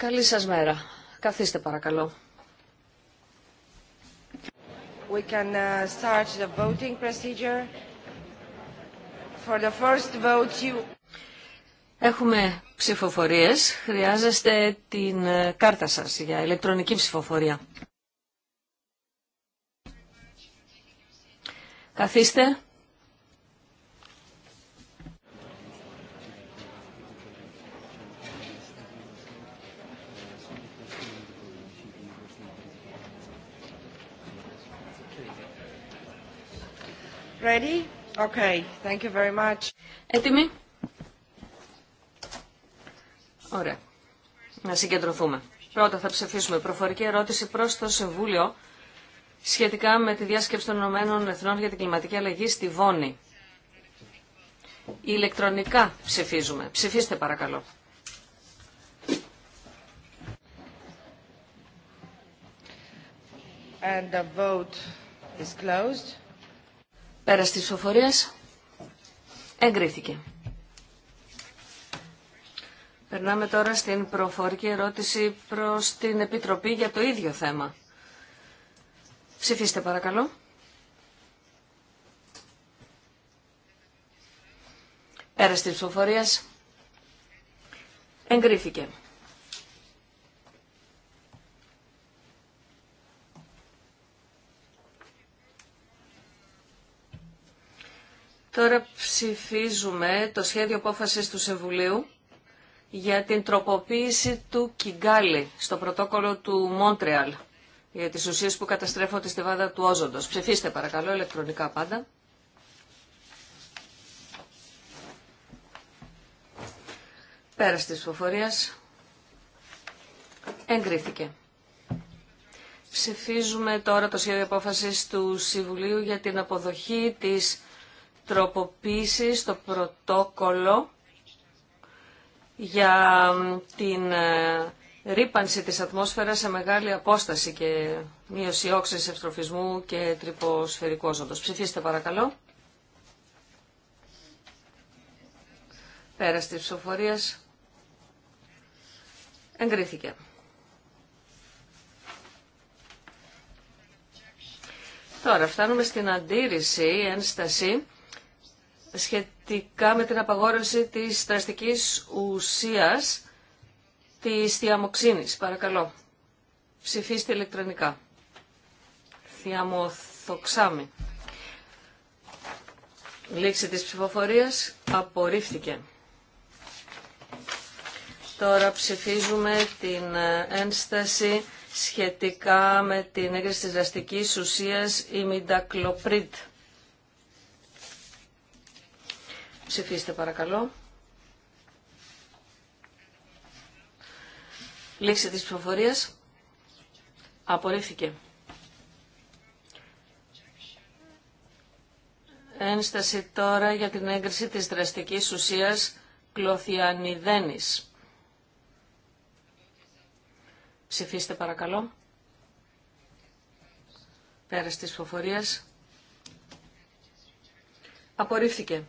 Καλή σας μέρα. Καθίστε παρακαλώ. Έχουμε ψηφοφορίες. Χρειάζεστε την ε, κάρτα σας για ηλεκτρονική ψηφοφορία. Καθίστε. Ready? Okay. Thank you very much. Έτοιμοι? Ωραία. Να συγκεντρωθούμε. Πρώτα θα ψηφίσουμε προφορική ερώτηση προς το Συμβούλιο σχετικά με τη διάσκεψη των Ηνωμένων Εθνών για την κλιματική αλλαγή στη Βόνη. Ηλεκτρονικά ψηφίζουμε. Ψηφίστε παρακαλώ. And the vote is closed. Πέρα τη ψηφοφορία. Εγκρίθηκε. Περνάμε τώρα στην προφορική ερώτηση προς την Επιτροπή για το ίδιο θέμα. Ψηφίστε παρακαλώ. Πέρα τη ψηφοφορία. Εγκρίθηκε. Τώρα ψηφίζουμε το σχέδιο απόφασης του Σεβουλίου για την τροποποίηση του Κιγκάλι στο πρωτόκολλο του Μόντρεαλ για τις ουσίες που καταστρέφονται στη βάδα του Όζοντος. Ψηφίστε παρακαλώ ηλεκτρονικά πάντα. Πέρας της ψηφοφορίας εγκρίθηκε. Ψηφίζουμε τώρα το σχέδιο απόφασης του Συμβουλίου για την αποδοχή της τροποποίησης το πρωτόκολλο για την ε, ρήπανση της ατμόσφαιρας σε μεγάλη απόσταση και μείωση όξης ευστροφισμού και τρυποσφαιρικού όζοντος. Ψηφίστε παρακαλώ. Πέρα της ψηφοφορίας εγκρίθηκε. Τώρα φτάνουμε στην αντίρρηση, ένσταση σχετικά με την απαγόρευση της δραστικής ουσίας της θιαμοξίνης. Παρακαλώ, ψηφίστε ηλεκτρονικά. Θιαμοθοξάμι. Λήξη της ψηφοφορίας απορρίφθηκε. Τώρα ψηφίζουμε την ε, ένσταση σχετικά με την έγκριση της δραστικής ουσίας ημιντακλοπρίτ. Ψηφίστε παρακαλώ. Λήξη της ψηφοφορίας. Απορρίφθηκε. Ένσταση τώρα για την έγκριση της δραστικής ουσίας κλωθιανιδένης. Ψηφίστε παρακαλώ. Πέρας της ψηφοφορίας. Απορρίφθηκε.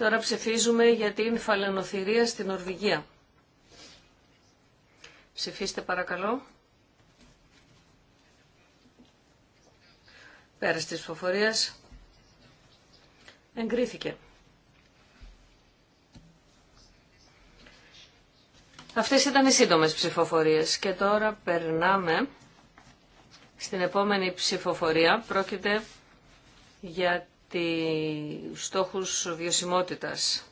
Τώρα ψηφίζουμε για την φαλαινοθυρία στην Νορβηγία. Ψηφίστε παρακαλώ. Πέρας της ψηφοφορίας εγκρίθηκε. Αυτές ήταν οι σύντομες ψηφοφορίες και τώρα περνάμε στην επόμενη ψηφοφορία. Πρόκειται για τη στόχους βιωσιμότητας.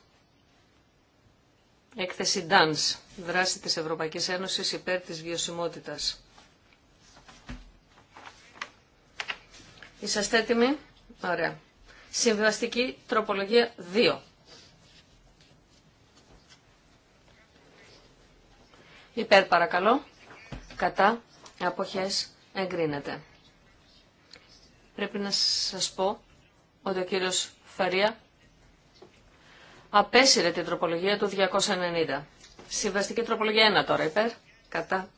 Έκθεση DANS, δράση της Ευρωπαϊκής Ένωσης υπέρ της βιωσιμότητας. Είσαστε έτοιμοι? Ωραία. Συμβιβαστική τροπολογία 2. Υπέρ παρακαλώ. Κατά. Αποχές εγκρίνεται. Πρέπει να σας πω ότι ο κύριος Φαρία απέσυρε την τροπολογία του 290. Συμβαστική τροπολογία 1 τώρα υπέρ, κατά,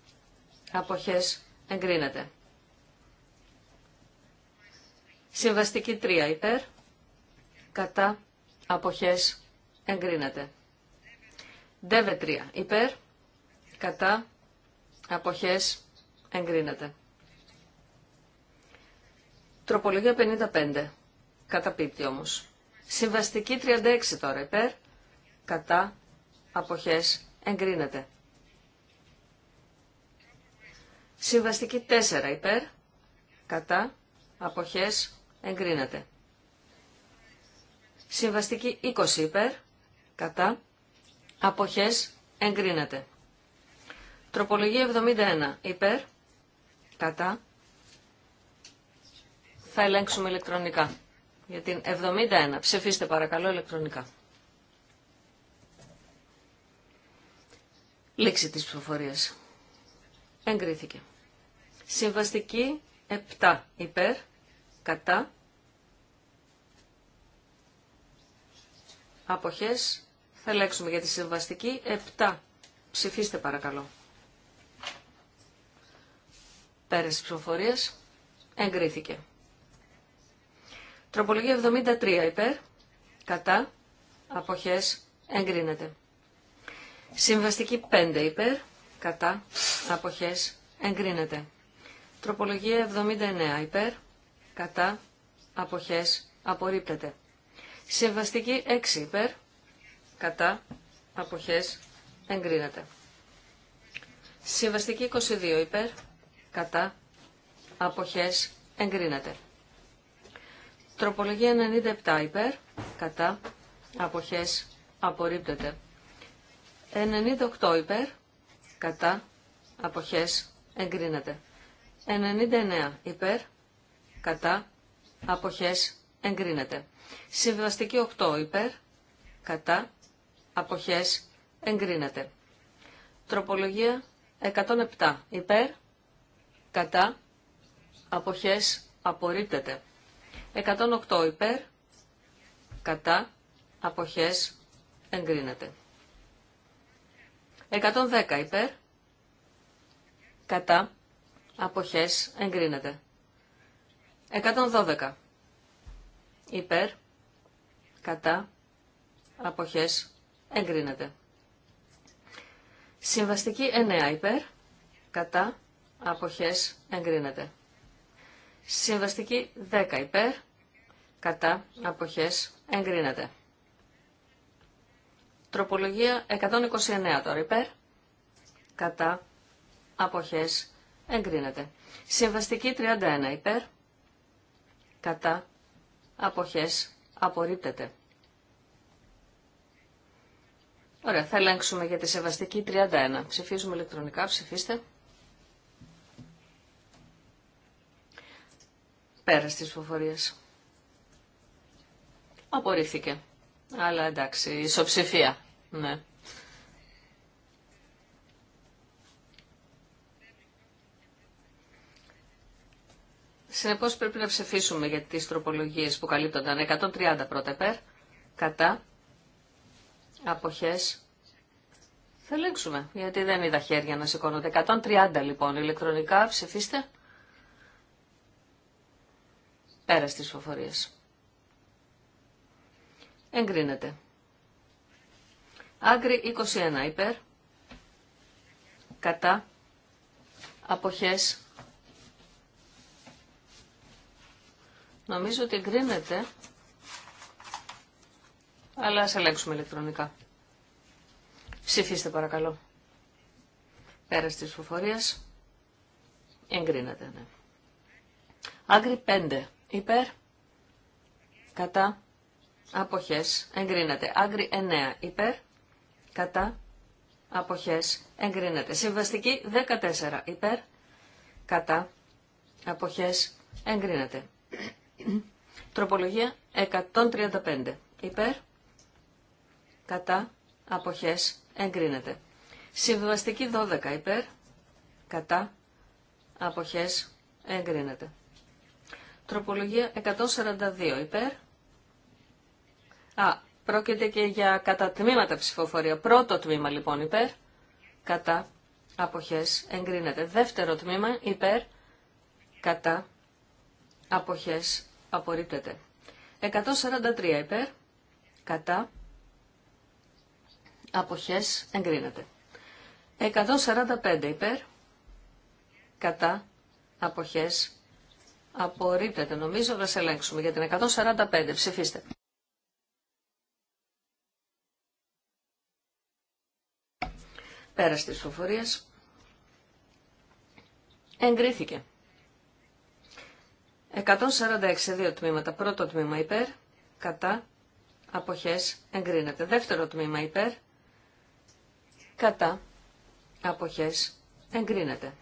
αποχές, εγκρίνεται. Συμβαστική 3 υπέρ, κατά, αποχές, εγκρίνεται. Δεβε 3 υπέρ, κατά, αποχές, εγκρίνεται. Τροπολογία 55 Καταπίπτει όμω. Συμβαστική 36 τώρα υπέρ. Κατά. Αποχές. Εγκρίνεται. Συμβαστική 4 υπέρ. Κατά. Αποχές. Εγκρίνεται. Συμβαστική 20 υπέρ. Κατά. Αποχές. Εγκρίνεται. Τροπολογία 71 υπέρ. Κατά. Θα ελέγξουμε ηλεκτρονικά για την 71. Ψεφίστε παρακαλώ ηλεκτρονικά. Λήξη της ψηφοφορίας. Εγκρίθηκε. Συμβαστική 7 υπέρ, κατά, αποχές. Θα λέξουμε για τη συμβαστική 7. Ψηφίστε παρακαλώ. Πέρες τη ψηφοφορίας εγκρίθηκε. Τροπολογία 73 υπέρ, κατά, αποχές, εγκρίνεται. Συμβαστική 5 υπέρ, κατά, αποχές, εγκρίνεται. Τροπολογία 79 υπέρ, κατά, αποχές, απορρίπτεται. Συμβαστική 6 υπέρ, κατά, αποχές, εγκρίνεται. Συμβαστική 22 υπέρ, κατά, αποχές, εγκρίνεται. Τροπολογία 97 υπέρ, κατά, αποχές, απορρίπτεται. 98 υπέρ, κατά, αποχές, εγκρίνεται. 99 υπέρ, κατά, αποχές, εγκρίνεται. Συμβιβαστική 8 υπέρ, κατά, αποχές, εγκρίνεται. Τροπολογία 107 υπέρ, κατά, αποχές, απορρίπτεται. 108 υπέρ, κατά, αποχές, εγκρίνεται. 110 υπέρ, κατά, αποχές, εγκρίνεται. 112 υπέρ, κατά, αποχές, εγκρίνεται. Συμβαστική 9 υπέρ, κατά, αποχές, εγκρίνεται. Συμβαστική 10 υπέρ, κατά, αποχές, εγκρίνεται. Τροπολογία 129 τώρα υπέρ, κατά, αποχές, εγκρίνεται. Συμβαστική 31 υπέρ, κατά, αποχές, απορρίπτεται. Ωραία, θα ελέγξουμε για τη σεβαστική 31. Ψηφίζουμε ηλεκτρονικά, ψηφίστε. Πέρας της φοφορίες. Απορρίφθηκε. Αλλά εντάξει, ισοψηφία. Ναι. Συνεπώς πρέπει να ψηφίσουμε για τις τροπολογίες που καλύπτονταν. 130 πρώτα πέρ. κατά, αποχές. Θα λέξουμε; γιατί δεν είδα χέρια να σηκώνονται. 130 λοιπόν, ηλεκτρονικά ψηφίστε. Πέρα στις φοφορίες. Εγκρίνεται. Άγκρι 21 υπέρ. Κατά. Αποχές. Νομίζω ότι εγκρίνεται. Αλλά ας ελέγξουμε ηλεκτρονικά. Ψηφίστε παρακαλώ. Πέρα στις φοφορίες. Εγκρίνεται, ναι. Άγκρι 5 υπέρ, κατά, αποχές, εγκρίνεται. Άγκρι 9, υπέρ, κατά, αποχές, εγκρίνεται. Συμβαστική 14, υπέρ, κατά, αποχές, εγκρίνεται. Τροπολογία 135, υπέρ, κατά, αποχές, εγκρίνεται. Συμβαστική 12 υπέρ, κατά, αποχές, εγκρίνεται. Τροπολογία 142 υπέρ. Α, πρόκειται και για κατά τμήματα ψηφοφορία. Πρώτο τμήμα λοιπόν υπέρ. Κατά. Αποχές. Εγκρίνεται. Δεύτερο τμήμα υπέρ. Κατά. Αποχές. Απορρίπτεται. 143 υπέρ. Κατά. Αποχές. Εγκρίνεται. 145 υπέρ. Κατά. Αποχές. Απορρίπτεται νομίζω, να σε ελέγξουμε για την 145. Ψηφίστε. Πέρα τις Εγκρίθηκε. 146 δύο τμήματα. Πρώτο τμήμα υπέρ, κατά, αποχές, εγκρίνεται. Δεύτερο τμήμα υπέρ, κατά, αποχές, εγκρίνεται.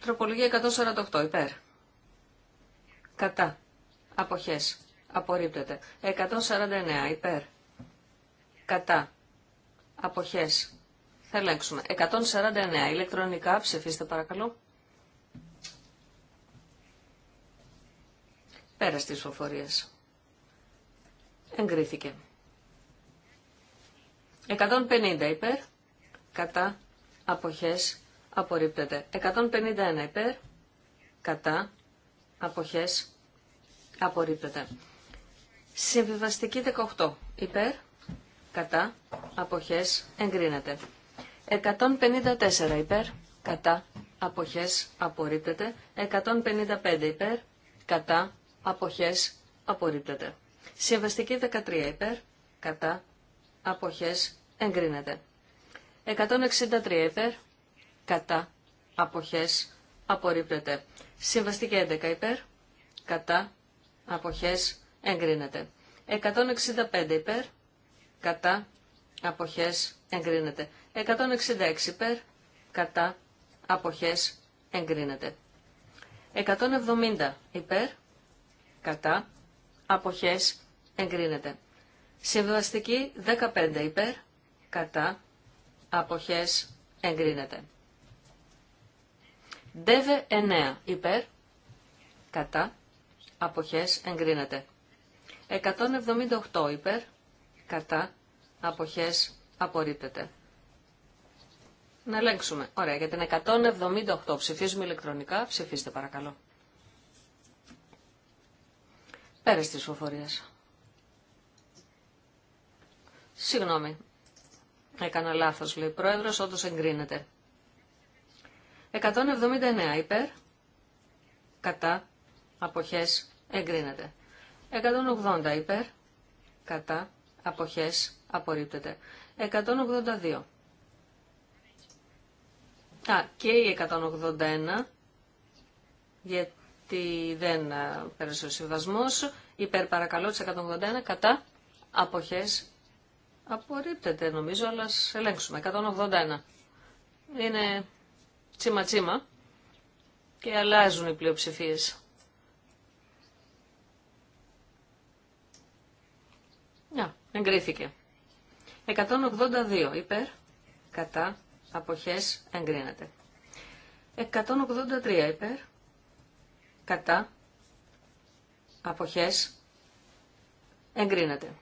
Τροπολογία 148 υπέρ κατά, αποχές, απορρίπτεται. 149 υπέρ, κατά, αποχές, θα ελέγξουμε. 149 ηλεκτρονικά, ψηφίστε παρακαλώ. Πέρα στις ψηφοφορίες. Εγκρίθηκε. 150 υπέρ, κατά, αποχές, απορρίπτεται. 151 υπέρ, κατά, αποχές απορρίπτεται. Συμβιβαστική 18 υπέρ, κατά, αποχές εγκρίνεται. 154 υπέρ, κατά, αποχές απορρίπτεται. 155 υπέρ, κατά, αποχές απορρίπτεται. Συμβαστική 13 υπέρ, κατά, αποχές εγκρίνεται. 163 υπέρ, κατά, αποχές απορρίπτεται. Συμβαστική 11 υπέρ, κατά, αποχές, εγκρίνεται. 165 υπέρ, κατά, αποχές, εγκρίνεται. 166 υπέρ, κατά, αποχές, εγκρίνεται. 170 υπέρ, κατά, αποχές, εγκρίνεται. Συμβαστική 15 υπέρ, κατά, αποχές, εγκρίνεται. Δεβε 9 υπέρ, κατά, αποχές εγκρίνεται. 178 υπέρ, κατά, αποχές απορρίπτεται. Να ελέγξουμε. Ωραία, για την 178 ψηφίζουμε ηλεκτρονικά. Ψηφίστε παρακαλώ. Πέρας της φοφορίας. Συγγνώμη. Έκανα λάθος, λέει πρόεδρος, όντως εγκρίνεται. 179 υπέρ, κατά, αποχές, εγκρίνεται. 180 υπέρ, κατά, αποχές, απορρίπτεται. 182. Α, και η 181, γιατί δεν ε, πέρασε ο συμβασμός, υπέρ παρακαλώ της 181, κατά, αποχές, απορρίπτεται νομίζω, αλλά ελέγξουμε. 181. Είναι τσίμα τσίμα και αλλάζουν οι πλειοψηφίες. Να, εγκρίθηκε. 182 υπέρ, κατά, αποχές, εγκρίνεται. 183 υπέρ, κατά, αποχές, εγκρίνεται.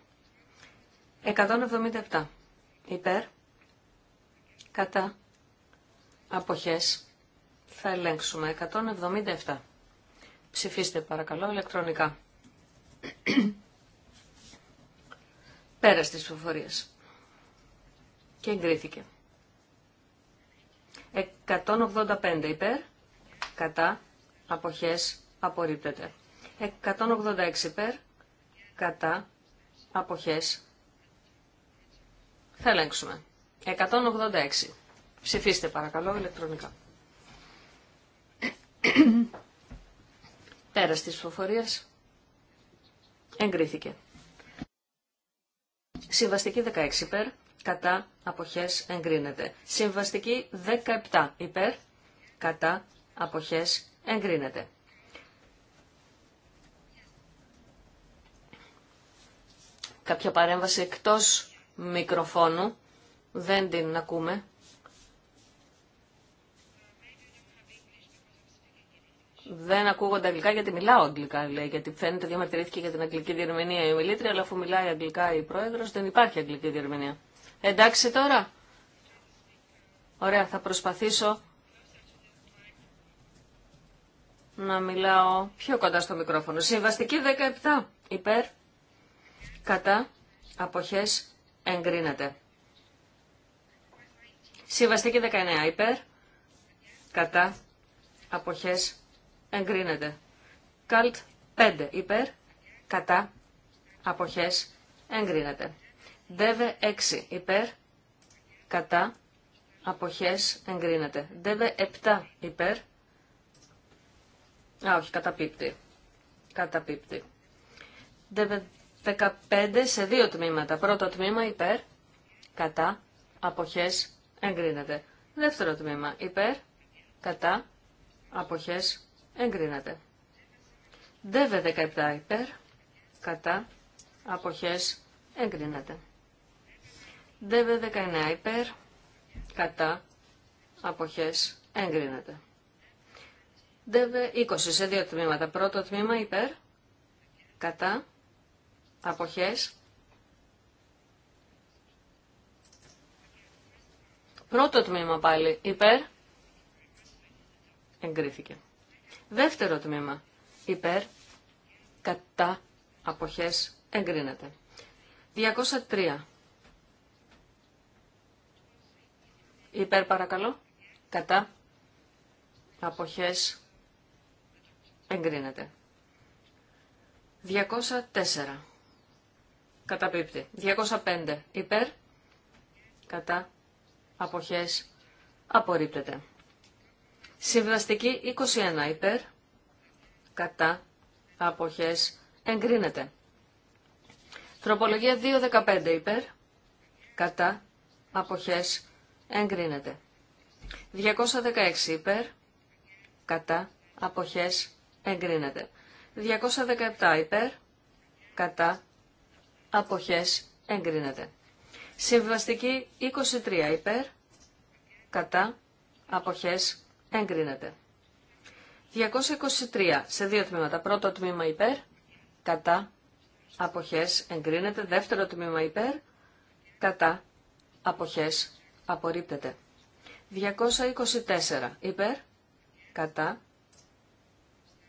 177 υπέρ, κατά, Αποχές. Θα ελέγξουμε. 177. Ψηφίστε παρακαλώ ηλεκτρονικά. Πέρα στις ψηφοφορίες. Και εγκρίθηκε. 185 υπέρ. Κατά. Αποχές. Απορρίπτεται. 186 υπέρ. Κατά. Αποχές. Θα ελέγξουμε. 186. Ψηφίστε παρακαλώ ηλεκτρονικά. Πέρας της ψηφοφορίας εγκρίθηκε. Συμβαστική 16 υπέρ, κατά αποχές εγκρίνεται. Συμβαστική 17 υπέρ, κατά αποχές εγκρίνεται. Κάποια παρέμβαση εκτός μικροφώνου, δεν την ακούμε. δεν ακούγονται αγγλικά γιατί μιλάω αγγλικά, λέει. Γιατί φαίνεται διαμαρτυρήθηκε για την αγγλική διερμηνία η ομιλήτρια, αλλά αφού μιλάει αγγλικά η πρόεδρο, δεν υπάρχει αγγλική διερμηνία. Εντάξει τώρα. Ωραία, θα προσπαθήσω να μιλάω πιο κοντά στο μικρόφωνο. Συμβαστική 17. Υπέρ. Κατά. Αποχές. Εγκρίνεται. Συμβαστική 19. Υπέρ. Κατά. Αποχές εγκρίνεται. Καλτ 5 υπέρ, κατά, αποχές, εγκρίνεται. Δεβε 6 υπέρ, κατά, αποχές, εγκρίνεται. Δεβε 7 υπέρ, α όχι, καταπίπτει, καταπίπτει. Δεβε 15 σε δύο τμήματα. Πρώτο τμήμα υπέρ, κατά, αποχές, εγκρίνεται. Δεύτερο τμήμα υπέρ, κατά, αποχές, εγκρίνεται. ΔΕΒΕ 17 υπέρ, κατά, αποχές, εγκρίνεται. ΔΕΒΕ 19 υπέρ, κατά, αποχές, εγκρίνεται. ΔΕΒΕ 20 σε δύο τμήματα. Πρώτο τμήμα υπέρ, κατά, αποχές, Πρώτο τμήμα πάλι υπέρ, εγκρίθηκε. Δεύτερο τμήμα. Υπέρ, κατά, αποχές, εγκρίνεται. 203. Υπέρ παρακαλώ. Κατά. Αποχές. Εγκρίνεται. 204. Καταπίπτει. 205. Υπέρ. Κατά. Αποχές. Απορρίπτεται. Συμβαστική 21 υπέρ, κατά, αποχές, εγκρίνεται. Τροπολογία 2.15 υπέρ, κατά, αποχές, εγκρίνεται. 216 υπέρ, κατά, αποχές, εγκρίνεται. 217 υπέρ, κατά, αποχές, εγκρίνεται. Συμβαστική 23 υπέρ, κατά, αποχές, Εγκρίνεται. 223 σε δύο τμήματα. Πρώτο τμήμα υπέρ, κατά, αποχές, εγκρίνεται. Δεύτερο τμήμα υπέρ, κατά, αποχές, απορρίπτεται. 224 υπέρ, κατά,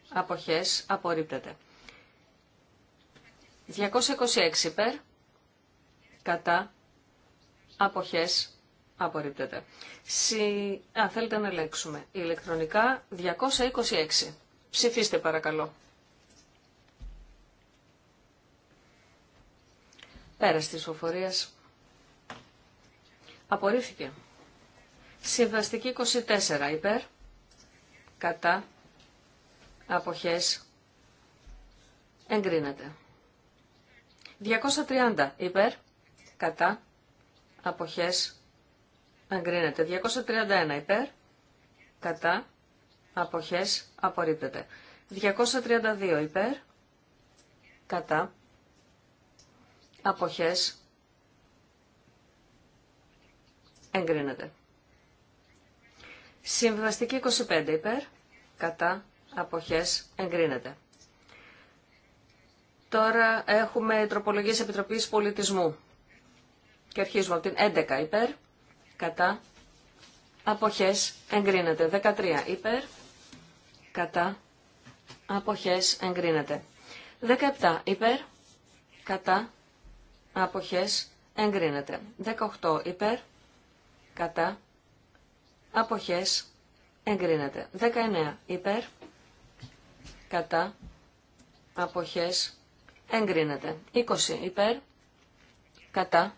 αποχές, απορρίπτεται. 226 υπέρ, κατά, αποχές, Απορρίπτεται. Αν Α, θέλετε να ελέγξουμε. Ηλεκτρονικά 226. Ψηφίστε παρακαλώ. Πέρας της ψηφοφορίας. Απορρίφθηκε. Συμβαστική 24 υπέρ. Κατά. Αποχές. Εγκρίνεται. 230 υπέρ. Κατά. Αποχές Αγκρίνεται. 231 υπέρ. Κατά. Αποχές. Απορρίπτεται. 232 υπέρ. Κατά. Αποχές. Εγκρίνεται. Συμβαστική 25 υπέρ. Κατά. Αποχές. Εγκρίνεται. Τώρα έχουμε τροπολογίες Επιτροπής Πολιτισμού. Και αρχίζουμε από την 11 υπέρ κατά, αποχές, εγκρίνεται. 13 υπέρ, κατά, αποχές, εγκρίνεται. 17 υπέρ, κατά, αποχές, εγκρίνεται. 18 υπέρ, κατά, αποχές, εγκρίνεται. 19 υπέρ, κατά, αποχές, εγκρίνεται. 20 υπέρ, κατά,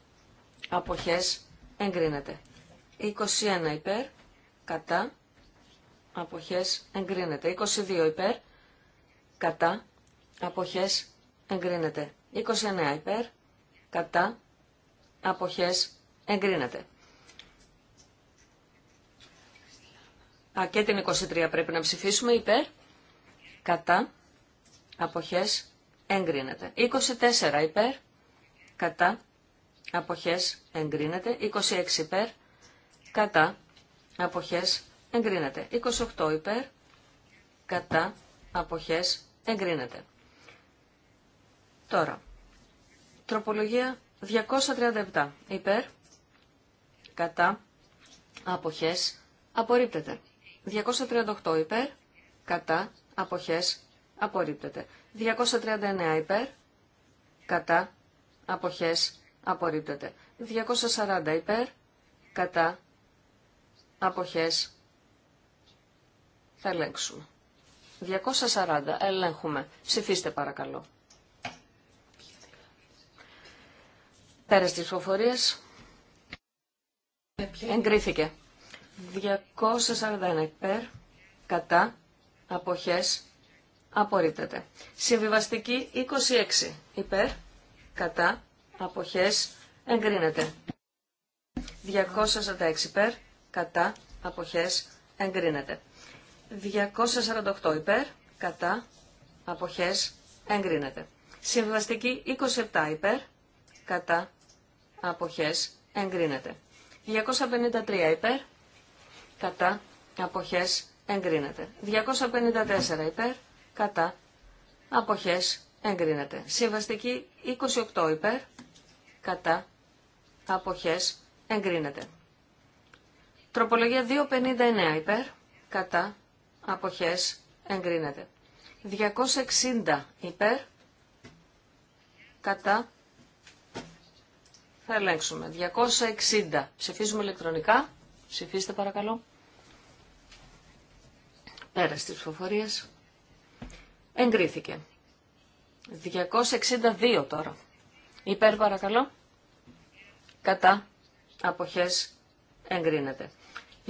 αποχές, εγκρίνεται. 21 υπέρ, κατά, αποχές εγκρίνεται. 22 υπέρ, κατά, αποχές εγκρίνεται. 29 υπέρ, κατά, αποχές εγκρίνεται. Α, και την 23 πρέπει να ψηφίσουμε υπέρ, κατά, αποχές εγκρίνεται. 24 υπέρ, κατά, αποχές εγκρίνεται. 26 υπέρ, κατά, αποχές, εγκρίνεται. 28 υπέρ, κατά, αποχές, εγκρίνεται. Τώρα, τροπολογία 237 υπέρ, κατά, αποχές, απορρίπτεται. 238 υπέρ, κατά, αποχές, απορρίπτεται. 239 υπέρ, κατά, αποχές, απορρίπτεται. 240 υπέρ, κατά, αποχές θα ελέγξουμε. 240 ελέγχουμε. Ψηφίστε παρακαλώ. Πέρας τις ψηφοφορίες. εγκρίθηκε. 241 υπέρ, κατά, αποχές, απορρίπτεται. Συμβιβαστική 26 υπέρ, κατά, αποχές, εγκρίνεται. 246 υπέρ, κατά, αποχές, εγκρίνεται. 248 υπέρ, κατά, αποχές, εγκρίνεται. Συμβαστική 27 υπέρ, κατά, αποχές, εγκρίνεται. 253 υπέρ, κατά, αποχές, εγκρίνεται. 254 υπέρ, κατά, αποχές, εγκρίνεται. Συμβαστική 28 υπέρ, κατά, αποχές, εγκρίνεται. Τροπολογία 259 υπέρ, κατά, αποχές, εγκρίνεται. 260 υπέρ, κατά, θα ελέγξουμε. 260. Ψηφίζουμε ηλεκτρονικά. Ψηφίστε παρακαλώ. Πέρα στις ψηφοφορίες. Εγκρίθηκε. 262 τώρα. Υπέρ παρακαλώ. Κατά. Αποχές εγκρίνεται.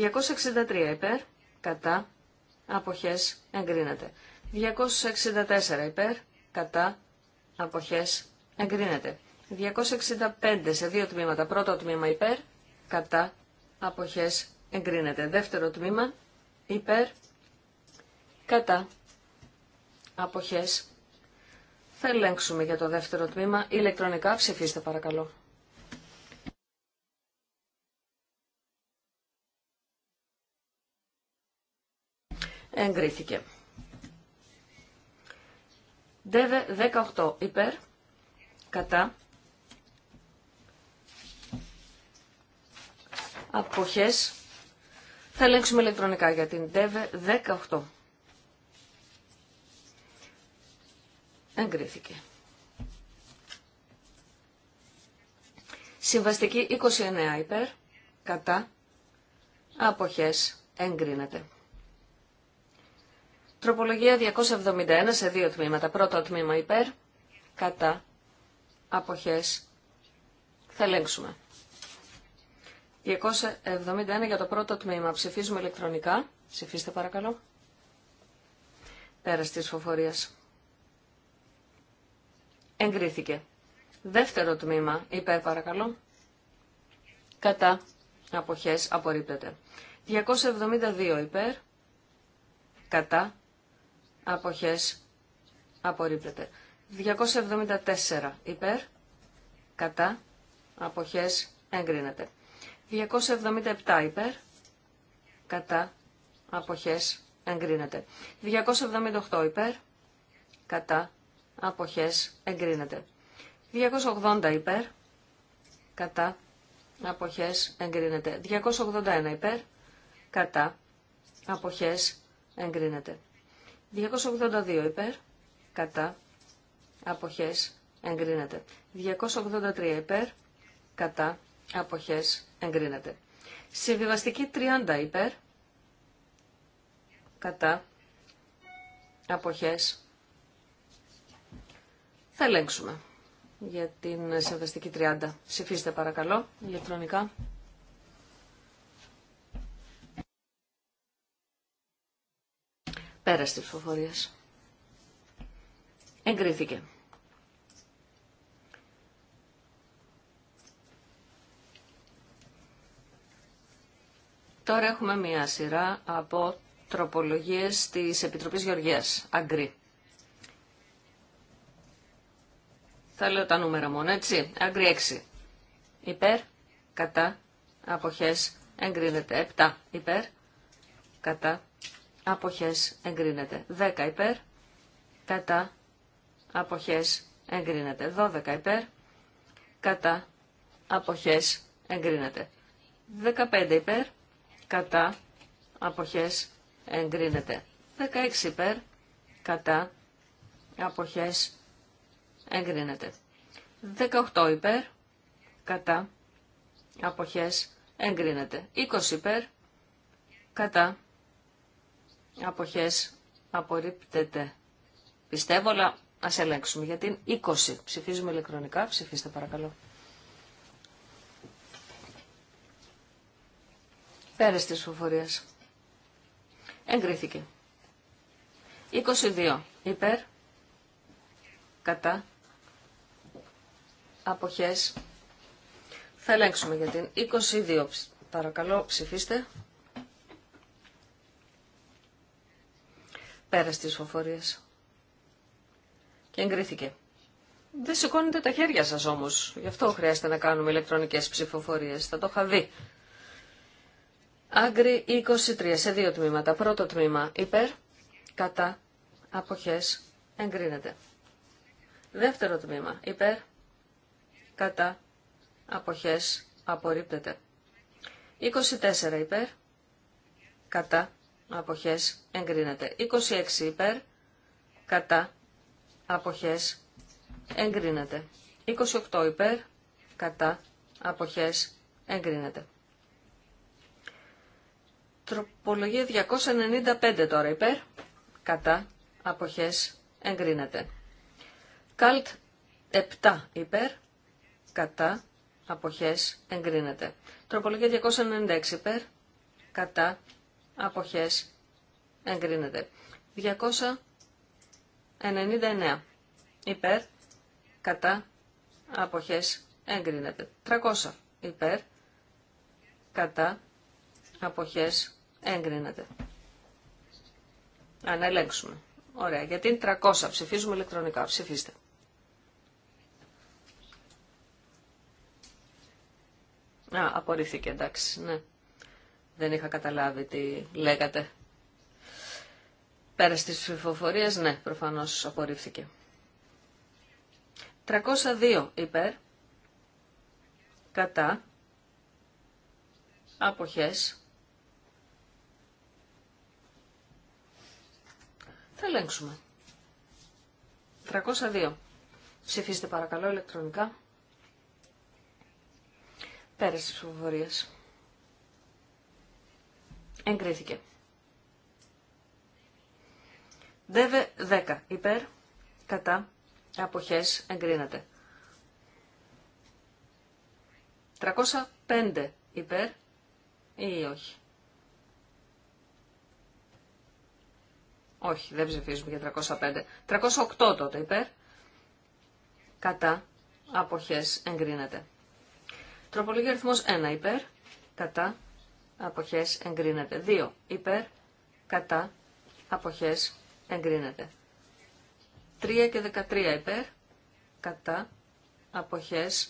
263 υπέρ, κατά, αποχές, εγκρίνεται. 264 υπέρ, κατά, αποχές, εγκρίνεται. 265 σε δύο τμήματα. Πρώτο τμήμα υπέρ, κατά, αποχές, εγκρίνεται. Δεύτερο τμήμα υπέρ, κατά, αποχές. Θα ελέγξουμε για το δεύτερο τμήμα. Ηλεκτρονικά ψηφίστε παρακαλώ. εγκρίθηκε. ΔΕΒΕ 18 υπέρ, κατά, αποχές, θα ελέγξουμε ηλεκτρονικά για την ΔΕΒΕ 18. Εγκρίθηκε. Συμβαστική 29 υπέρ, κατά, αποχές, εγκρίνεται. Τροπολογία 271 σε δύο τμήματα. Πρώτο τμήμα υπέρ, κατά, αποχές. Θα ελέγξουμε. 271 για το πρώτο τμήμα. Ψηφίζουμε ηλεκτρονικά. Ψηφίστε παρακαλώ. Πέρας της φοφορίας. Εγκρίθηκε. Δεύτερο τμήμα. Υπέρ παρακαλώ. Κατά. Αποχές. Απορρίπτεται. 272 υπέρ. Κατά αποχές απορρίπτεται. 274 υπέρ, κατά, αποχές εγκρίνεται. 277 υπέρ, κατά, αποχές εγκρίνεται. 278 υπέρ, κατά, αποχές εγκρίνεται. 280 υπέρ, κατά, αποχές εγκρίνεται. 281 υπέρ, κατά, αποχές εγκρίνεται. 282 υπέρ, κατά, αποχές, εγκρίνεται. 283 υπέρ, κατά, αποχές, εγκρίνεται. Συμβιβαστική 30 υπέρ, κατά, αποχές, θα ελέγξουμε για την συμβαστική 30. Συμφίστε παρακαλώ ηλεκτρονικά. πέρασε της Εγκρίθηκε. Τώρα έχουμε μία σειρά από τροπολογίες της Επιτροπής Γεωργίας, Αγκρή. Θα λέω τα νούμερα μόνο, έτσι. Αγκρή 6. Υπέρ, κατά, αποχές, εγκρίνεται. 7. Υπέρ, κατά, αποχές εγκρίνεται. 10 υπέρ, κατά, αποχές εγκρίνεται. 12 υπέρ, κατά, αποχές εγκρίνεται. 15 υπέρ, κατά, αποχές εγκρίνεται. 16 υπέρ, κατά, αποχές εγκρίνεται. 18 υπέρ, κατά, αποχές εγκρίνεται. 20 υπέρ, κατά, αποχές απορρίπτεται. Πιστεύω, αλλά ας ελέγξουμε για την 20. Ψηφίζουμε ηλεκτρονικά. Ψηφίστε παρακαλώ. Πέρες της φοφορίας. Εγκρίθηκε. 22. Υπέρ. Κατά. Αποχές. Θα ελέγξουμε για την 22. Παρακαλώ ψηφίστε. Πέρα στις φοφορίες. Και εγκρίθηκε. Δεν σηκώνετε τα χέρια σας όμως. Γι' αυτό χρειάζεται να κάνουμε ηλεκτρονικές ψηφοφορίες. Θα το είχα δει. Άγκρι 23 σε δύο τμήματα. Πρώτο τμήμα υπέρ, κατά, αποχές, εγκρίνεται. Δεύτερο τμήμα υπέρ, κατά, αποχές, απορρίπτεται. 24 υπέρ, κατά, αποχές εγκρίνεται. 26 υπέρ, κατά, αποχές εγκρίνεται. 28 υπέρ, κατά, αποχές εγκρίνεται. Τροπολογία 295 τώρα υπέρ, κατά, αποχές εγκρίνεται. Καλτ 7 υπέρ, κατά, αποχές εγκρίνεται. Τροπολογία 296 υπέρ, κατά, αποχές εγκρίνεται. 299 υπέρ, κατά, αποχές εγκρίνεται. 300 υπέρ, κατά, αποχές εγκρίνεται. Αναλέξουμε. Ωραία. Γιατί είναι 300. Ψηφίζουμε ηλεκτρονικά. Ψηφίστε. Α, απορρίφθηκε. Εντάξει. Ναι. Δεν είχα καταλάβει τι λέγατε. Πέρα στις ψηφοφορίες, ναι, προφανώς απορρίφθηκε. 302 υπέρ, κατά, αποχές. Θα ελέγξουμε. 302. Ψηφίστε παρακαλώ ηλεκτρονικά. Πέρα στις ψηφοφορίες. Εγκρίθηκε. ΔΕΒΕ 10. Υπέρ. Κατά. Αποχές. Εγκρίνεται. 305. Υπέρ. Ή όχι. Όχι, δεν ψηφίζουμε για 305. 308 τότε υπέρ. Κατά. Αποχές εγκρίνεται. Τροπολογία αριθμός 1 υπέρ. Κατά αποχές εγκρίνεται. 2. Υπέρ, κατά, αποχές εγκρίνεται. 3 και 13 υπέρ, κατά, αποχές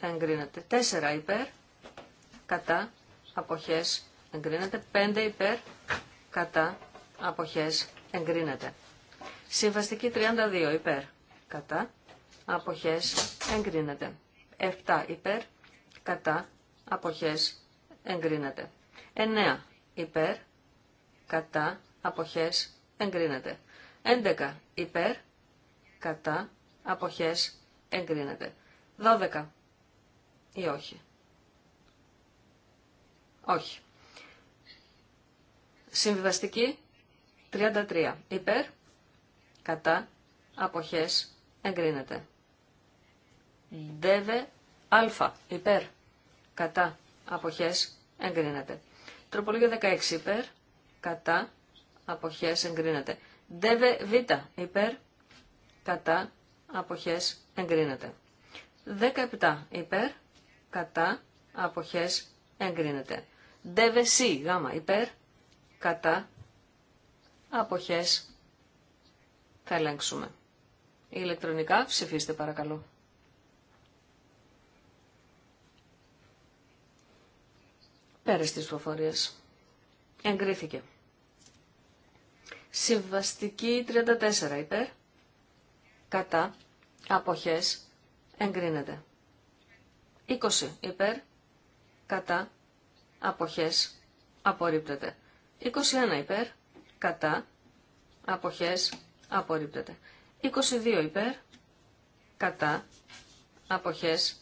εγκρίνεται. 4 υπέρ, κατά, αποχές εγκρίνεται. 5 υπέρ, κατά, αποχές εγκρίνεται. Συμβαστική 32 υπέρ, κατά, αποχές εγκρίνεται. 7 υπέρ, κατά, αποχές εγκρίνεται. 9 υπέρ, κατά, αποχές, εγκρίνεται. 11 υπέρ, κατά, αποχές, εγκρίνεται. 12 ή όχι. Όχι. Συμβιβαστική 33 υπέρ, κατά, αποχές, εγκρίνεται. Δεύε Αλφα. υπέρ, κατά, αποχές εγκρίνεται. Τροπολογία 16 υπέρ, κατά, αποχές εγκρίνεται. Δεβε β υπέρ, κατά, αποχές εγκρίνεται. 17 υπέρ, κατά, αποχές εγκρίνεται. Δεβε σ γάμα υπέρ, κατά, αποχές θα ελέγξουμε. Ηλεκτρονικά ψηφίστε παρακαλώ. Πέρα στις ψηφοφορίες. Εγκρίθηκε. Συμβαστική 34 υπέρ. Κατά. Αποχές. Εγκρίνεται. 20 υπέρ. Κατά. Αποχές. Απορρίπτεται. 21 υπέρ. Κατά. Αποχές. Απορρίπτεται. 22 υπέρ. Κατά. Αποχές.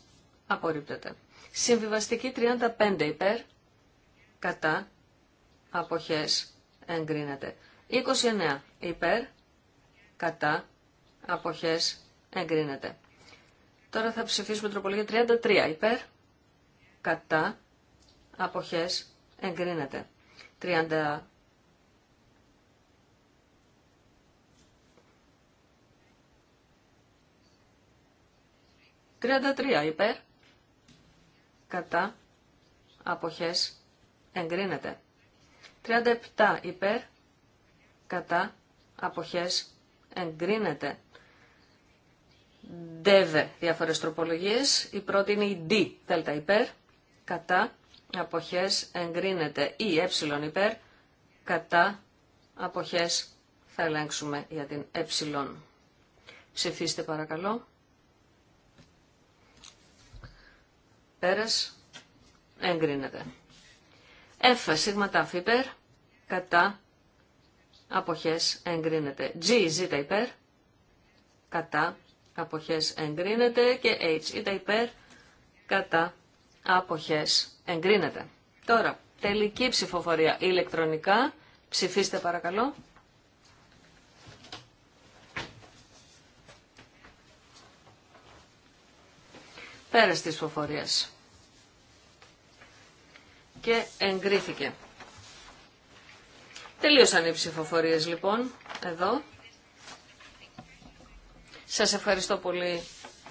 Απορρίπτεται. Συμβιβαστική 35 υπέρ κατά, αποχές, εγκρίνεται. 29 υπέρ, κατά, αποχές, εγκρίνεται. Τώρα θα ψηφίσουμε τροπολογία 33 υπέρ, κατά, αποχές, εγκρίνεται. 30... Τριάντα υπέρ, κατά, αποχές, εγκρίνεται. 37 υπέρ, κατά, αποχές, εγκρίνεται. Δεύε διάφορες τροπολογίες. Η πρώτη είναι η D, δέλτα υπέρ, κατά, αποχές, εγκρίνεται. Η ε υπέρ, κατά, αποχές, θα ελέγξουμε για την ε. Ψηφίστε παρακαλώ. Πέρας, εγκρίνεται. F, σίγμα υπέρ, κατά, αποχές εγκρίνεται. G, ζήτα υπέρ, κατά, αποχές εγκρίνεται. Και H, ήτα υπέρ, κατά, αποχές εγκρίνεται. Τώρα, τελική ψηφοφορία ηλεκτρονικά. Ψηφίστε παρακαλώ. Πέρας της ψηφοφορίας και εγκρίθηκε. Τελείωσαν οι ψηφοφορίες λοιπόν εδώ. Σας ευχαριστώ πολύ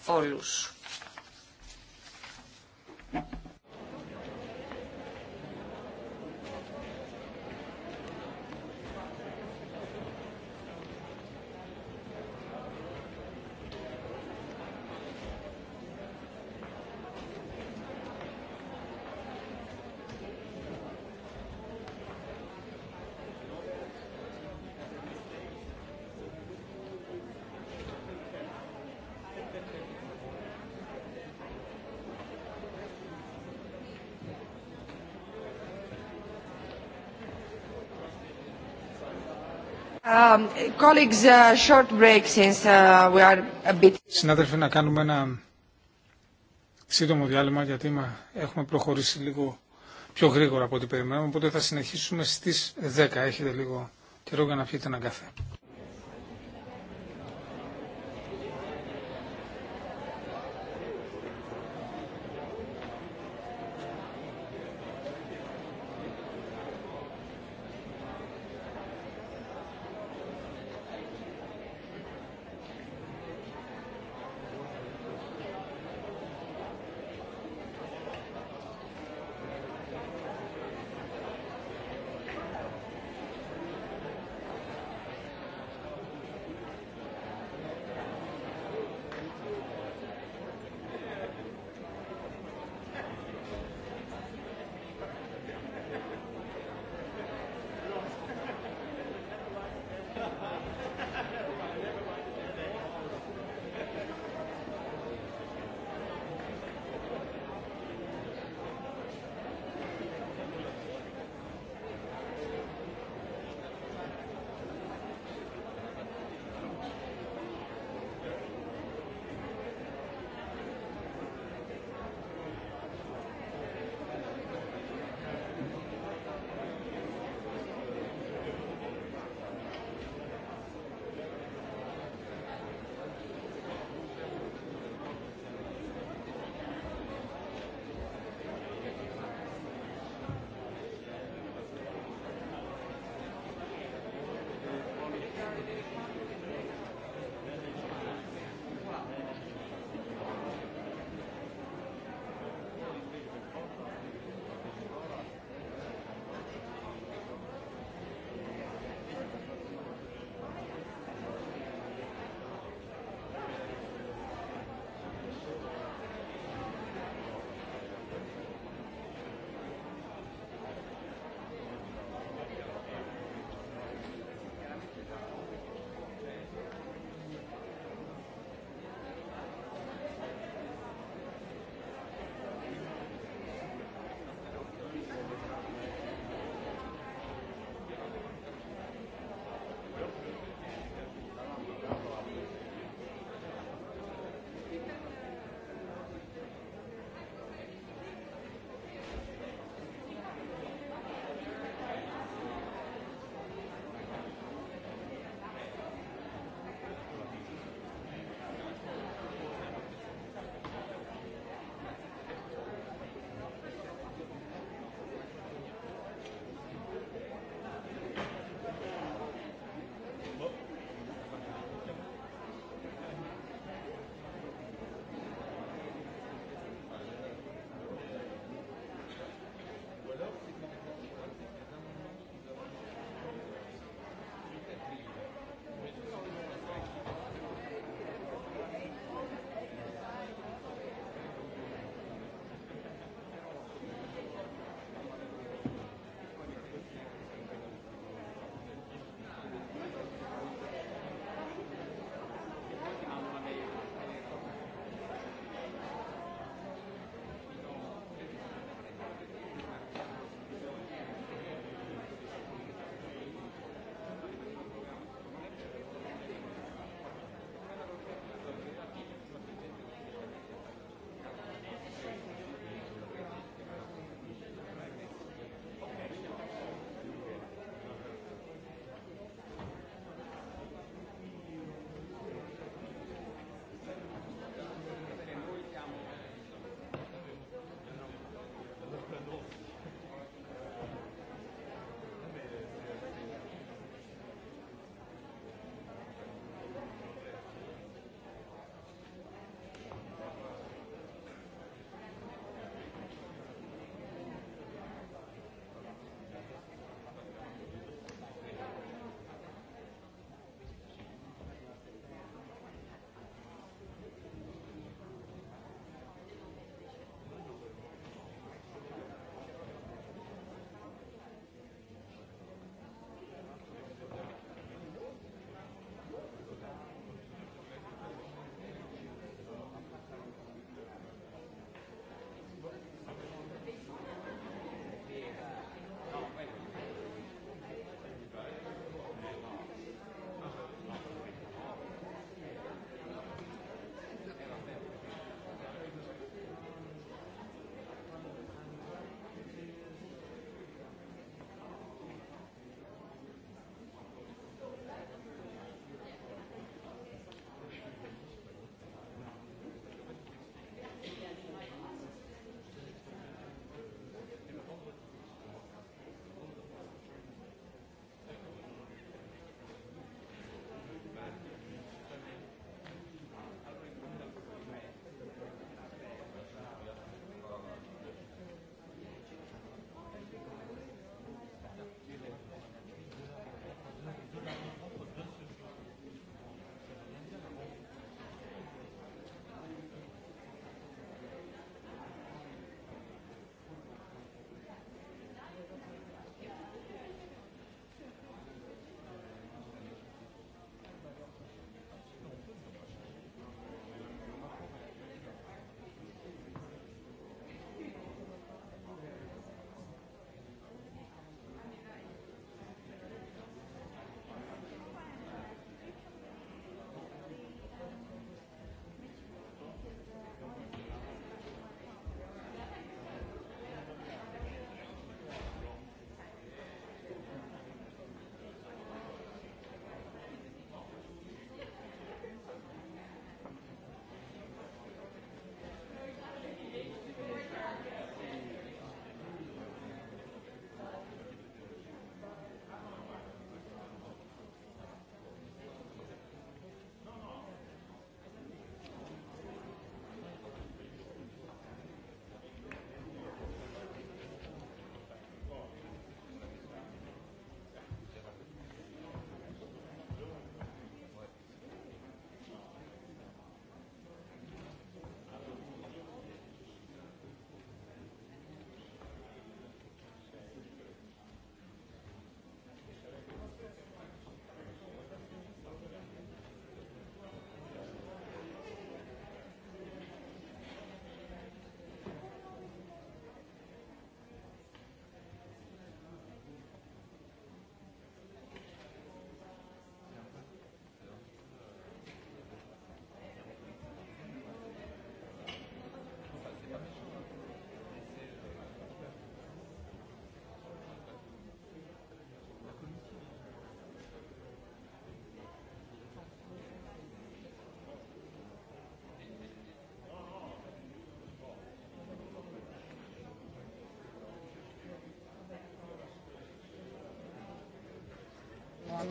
όλους. Συνάδελφοι, να κάνουμε ένα σύντομο διάλειμμα γιατί έχουμε προχωρήσει λίγο πιο γρήγορα από ό,τι περιμέναμε, οπότε θα συνεχίσουμε στις 10. Έχετε λίγο καιρό για να πιείτε έναν καφέ.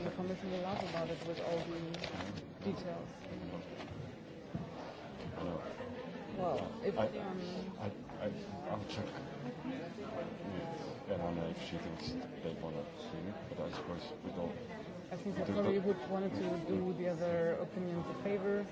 the Commission will laugh about it with all the details. Well, if I, um, I, I, I'll check. Yeah, I don't know if she thinks they want to see it, but I suppose we don't. I think I probably would want to do the other opinions a favor.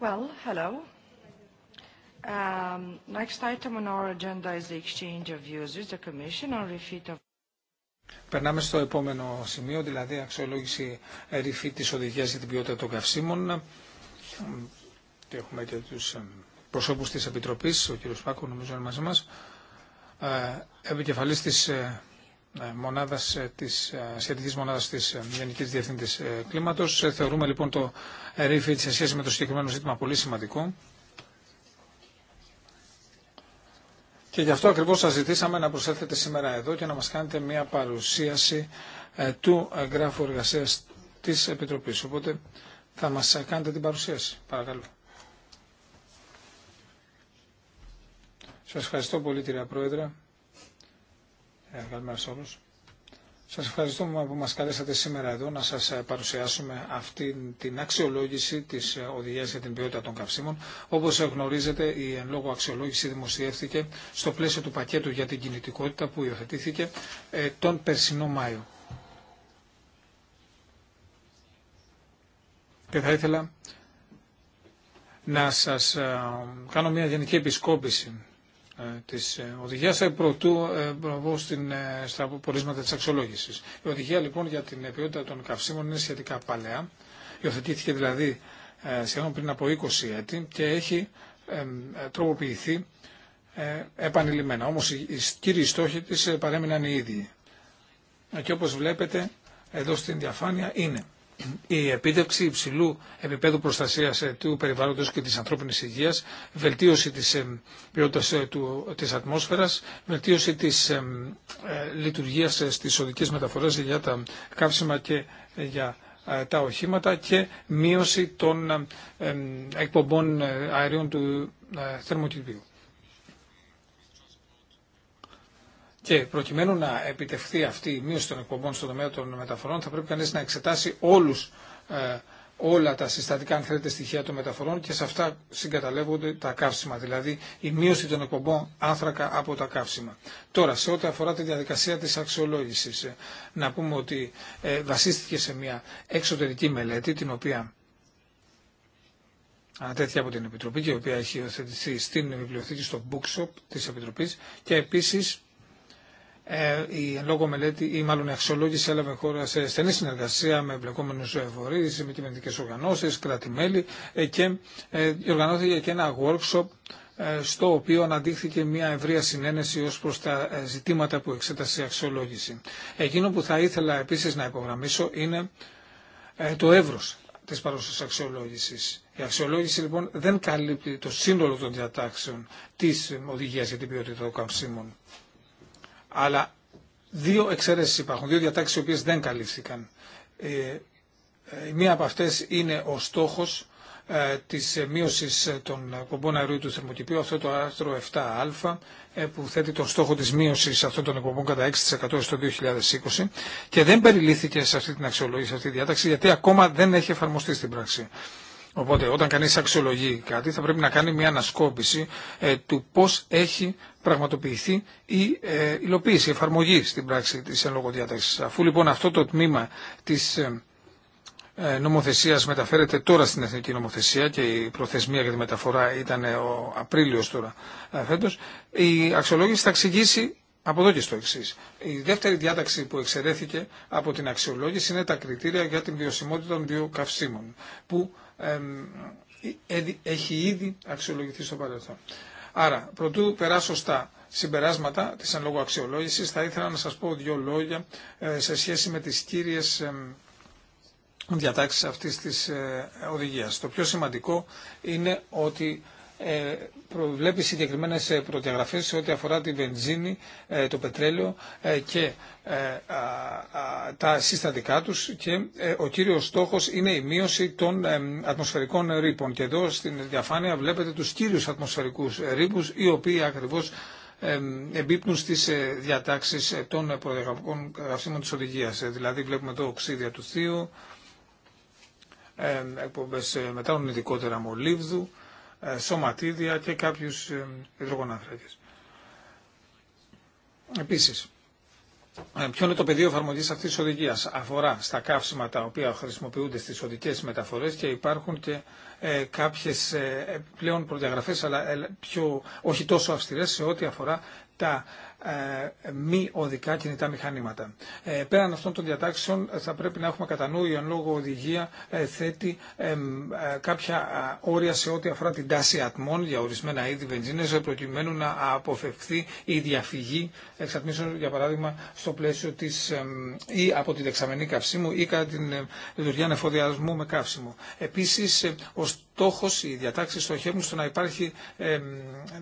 Well, hello. Um, next item on our agenda is the exchange of views with the Commission on refit of Περνάμε στο επόμενο σημείο, δηλαδή αξιολόγηση ρηφή ε, της οδηγίας για την ποιότητα των καυσίμων. Ε, και έχουμε και τους ε, προσώπους της Επιτροπής, ο κ. Πάκο νομίζω είναι μαζί μας, επικεφαλής της ε, μονάδας ε, της, ε, σχετικής μονάδας της Γενικής Διευθύντης Κλίματος. Θεωρούμε λοιπόν το ρήφι σε σχέση με το συγκεκριμένο ζήτημα πολύ σημαντικό. Και γι' αυτό ακριβώς σας ζητήσαμε να προσέλθετε σήμερα εδώ και να μας κάνετε μια παρουσίαση του γράφου εργασίας της Επιτροπής. Οπότε θα μας κάνετε την παρουσίαση. Παρακαλώ. Σας ευχαριστώ πολύ κυρία Πρόεδρε. Ε, καλημέρα σε όλους. Σας ευχαριστούμε που μας καλέσατε σήμερα εδώ να σας ε, παρουσιάσουμε αυτή την αξιολόγηση της ε, οδηγίας για την ποιότητα των καυσίμων. Όπως γνωρίζετε η εν λόγω αξιολόγηση δημοσιεύθηκε στο πλαίσιο του πακέτου για την κινητικότητα που υιοθετήθηκε τον περσινό Μάιο. Και θα ήθελα να σας κάνω μια γενική επισκόπηση ε, της ε, οδηγίας ε, προτού προβώ στα πορίσματα της αξιολόγησης. Η οδηγία λοιπόν για την ποιότητα των καυσίμων είναι σχετικά παλαιά. Υιοθετήθηκε δηλαδή σχεδόν πριν από 20 έτη και έχει τροποποιηθεί επανειλημμένα. Όμως οι κύριοι στόχοι της παρέμειναν οι ίδιοι. Και όπως βλέπετε εδώ στην διαφάνεια είναι η επίτευξη υψηλού επίπεδου προστασίας ε, του περιβάλλοντος και της ανθρώπινης υγείας, βελτίωση της ε, ποιότητας ε, της ατμόσφαιρας, βελτίωση της λειτουργίας της οδικής μεταφορέ για τα καύσιμα και για τα οχήματα και μείωση των εκπομπών αερίων του θερμοκηπίου. Και προκειμένου να επιτευχθεί αυτή η μείωση των εκπομπών στον τομέα των μεταφορών, θα πρέπει κανεί να εξετάσει όλους, ε, όλα τα συστατικά, αν θέλετε, στοιχεία των μεταφορών και σε αυτά συγκαταλέγονται τα καύσιμα, δηλαδή η μείωση των εκπομπών άνθρακα από τα καύσιμα. Τώρα, σε ό,τι αφορά τη διαδικασία τη αξιολόγηση, ε, να πούμε ότι ε, βασίστηκε σε μια εξωτερική μελέτη, την οποία ανατέθηκε από την Επιτροπή και η οποία έχει υιοθετηθεί στην βιβλιοθήκη στο Bookshop της επιτροπή και επίσης ε, η λόγω μελέτη ή μάλλον η αξιολόγηση έλαβε χώρα σε στενή συνεργασία με εμπλεκόμενου φορεί, με κυβερνητικέ οργανώσει, κράτη-μέλη ε, και ε, οργανώθηκε και ένα workshop στο οποίο αναδείχθηκε μια ευρεία συνένεση ως προς τα ζητήματα που εξέτασε η αξιολόγηση. Εκείνο που θα ήθελα επίσης να υπογραμμίσω είναι το εύρος της παρούσας αξιολόγηση. Η αξιολόγηση λοιπόν δεν καλύπτει το σύνολο των διατάξεων της οδηγίας για την ποιότητα των καυσίμων αλλά δύο εξαιρεσει υπάρχουν, δύο διατάξεις οι οποίες δεν καλύφθηκαν. Ε, ε, μία από αυτές είναι ο στόχος ε, της μείωσης των εκπομπών αερίου του θερμοκηπίου, αυτό το άρθρο 7α, που θέτει τον στόχο της μείωσης αυτών των εκπομπών κατά 6% στο 2020 και δεν περιλήθηκε σε αυτή την αξιολόγηση, σε αυτή τη διάταξη, γιατί ακόμα δεν έχει εφαρμοστεί στην πράξη. Οπότε όταν κανείς αξιολογεί κάτι θα πρέπει να κάνει μια ανασκόπηση ε, του πώς έχει πραγματοποιηθεί η ε, υλοποίηση, η εφαρμογή στην πράξη της εν λόγω διάταξης. Αφού λοιπόν αυτό το τμήμα της ε, ε νομοθεσίας μεταφέρεται τώρα στην Εθνική Νομοθεσία και η προθεσμία για τη μεταφορά ήταν ε, ο Απρίλιος τώρα φέτος, η αξιολόγηση θα εξηγήσει από εδώ και στο εξή. Η δεύτερη διάταξη που εξαιρέθηκε από την αξιολόγηση είναι τα κριτήρια για την βιωσιμότητα των βιοκαυσίμων, που ε, ε, έχει ήδη αξιολογηθεί στο παρελθόν. Άρα, προτού περάσω στα συμπεράσματα της εν λόγω αξιολόγησης, θα ήθελα να σας πω δύο λόγια ε, σε σχέση με τις κύριες διατάξεις αυτής της οδηγίας. Το πιο σημαντικό είναι ότι ε, προβλέπει συγκεκριμένες ε, προδιαγραφές σε ό,τι αφορά τη βενζίνη, ε, το πετρέλαιο και τα συστατικά τους και ο κύριος στόχος είναι η μείωση των ατμοσφαιρικών ρήπων. Και εδώ στην διαφάνεια βλέπετε τους κύριους ατμοσφαιρικούς ρήπους οι οποίοι ακριβώς εμπίπτουν στις διατάξεις των προδιαγραφικών καυσίμων της οδηγίας. Δηλαδή βλέπουμε εδώ οξύδια του θείου, εκπομπές ειδικότερα μολύβδου, ε, σωματίδια και κάποιους ε, υδρογονάνθρακες. Επίσης, ε, Ποιο είναι το πεδίο εφαρμογή αυτή τη οδηγία. Αφορά στα καύσιμα τα οποία χρησιμοποιούνται στι οδικέ μεταφορέ και υπάρχουν και ε, κάποιε πλέον προδιαγραφέ, αλλά πιο, όχι τόσο αυστηρές σε ό,τι αφορά τα ε, μη οδικά κινητά μηχανήματα. Ε, πέραν αυτών των διατάξεων ε, θα πρέπει να έχουμε κατά νου η εν λόγω οδηγία θέτει κάποια όρια σε ό,τι αφορά την τάση ατμών για ορισμένα είδη βενζίνες προκειμένου να αποφευθεί η διαφυγή εξατμίσεων για παράδειγμα στο πλαίσιο της ή από τη δεξαμενή καυσίμου ή κατά την λειτουργία ανεφοδιασμού με καύσιμο. Επίσης ο στόχος, οι διατάξεις στοχεύουν στο να υπάρχει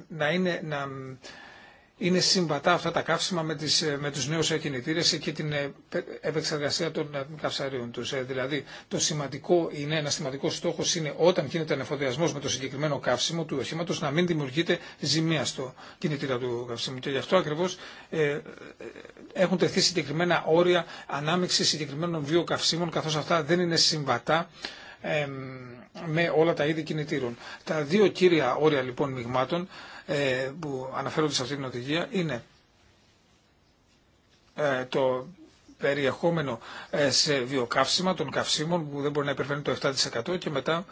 να είναι να είναι συμβατά αυτά τα καύσιμα με, τις, ε, με τους νέους κινητήρες και την ε, επεξεργασία των ε, καυσαρίων τους. Δηλαδή, το σημαντικό είναι, ένα σημαντικό στόχος είναι όταν γίνεται ανεφοδιασμός με το συγκεκριμένο καύσιμο του οχήματο να μην δημιουργείται ζημία στο κινητήρα του καυσίμου. Και γι' αυτό ακριβώς έχουν τεθεί συγκεκριμένα όρια ανάμειξη συγκεκριμένων βιοκαυσίμων καθώς αυτά δεν είναι συμβατά με όλα τα είδη κινητήρων. Τα δύο κύρια όρια λοιπόν μειγμάτων ε, που αναφέρονται σε αυτή την οδηγία είναι ε, το περιεχόμενο ε, σε βιοκαύσιμα των καυσίμων που δεν μπορεί να υπερβαίνει το 7% και μετά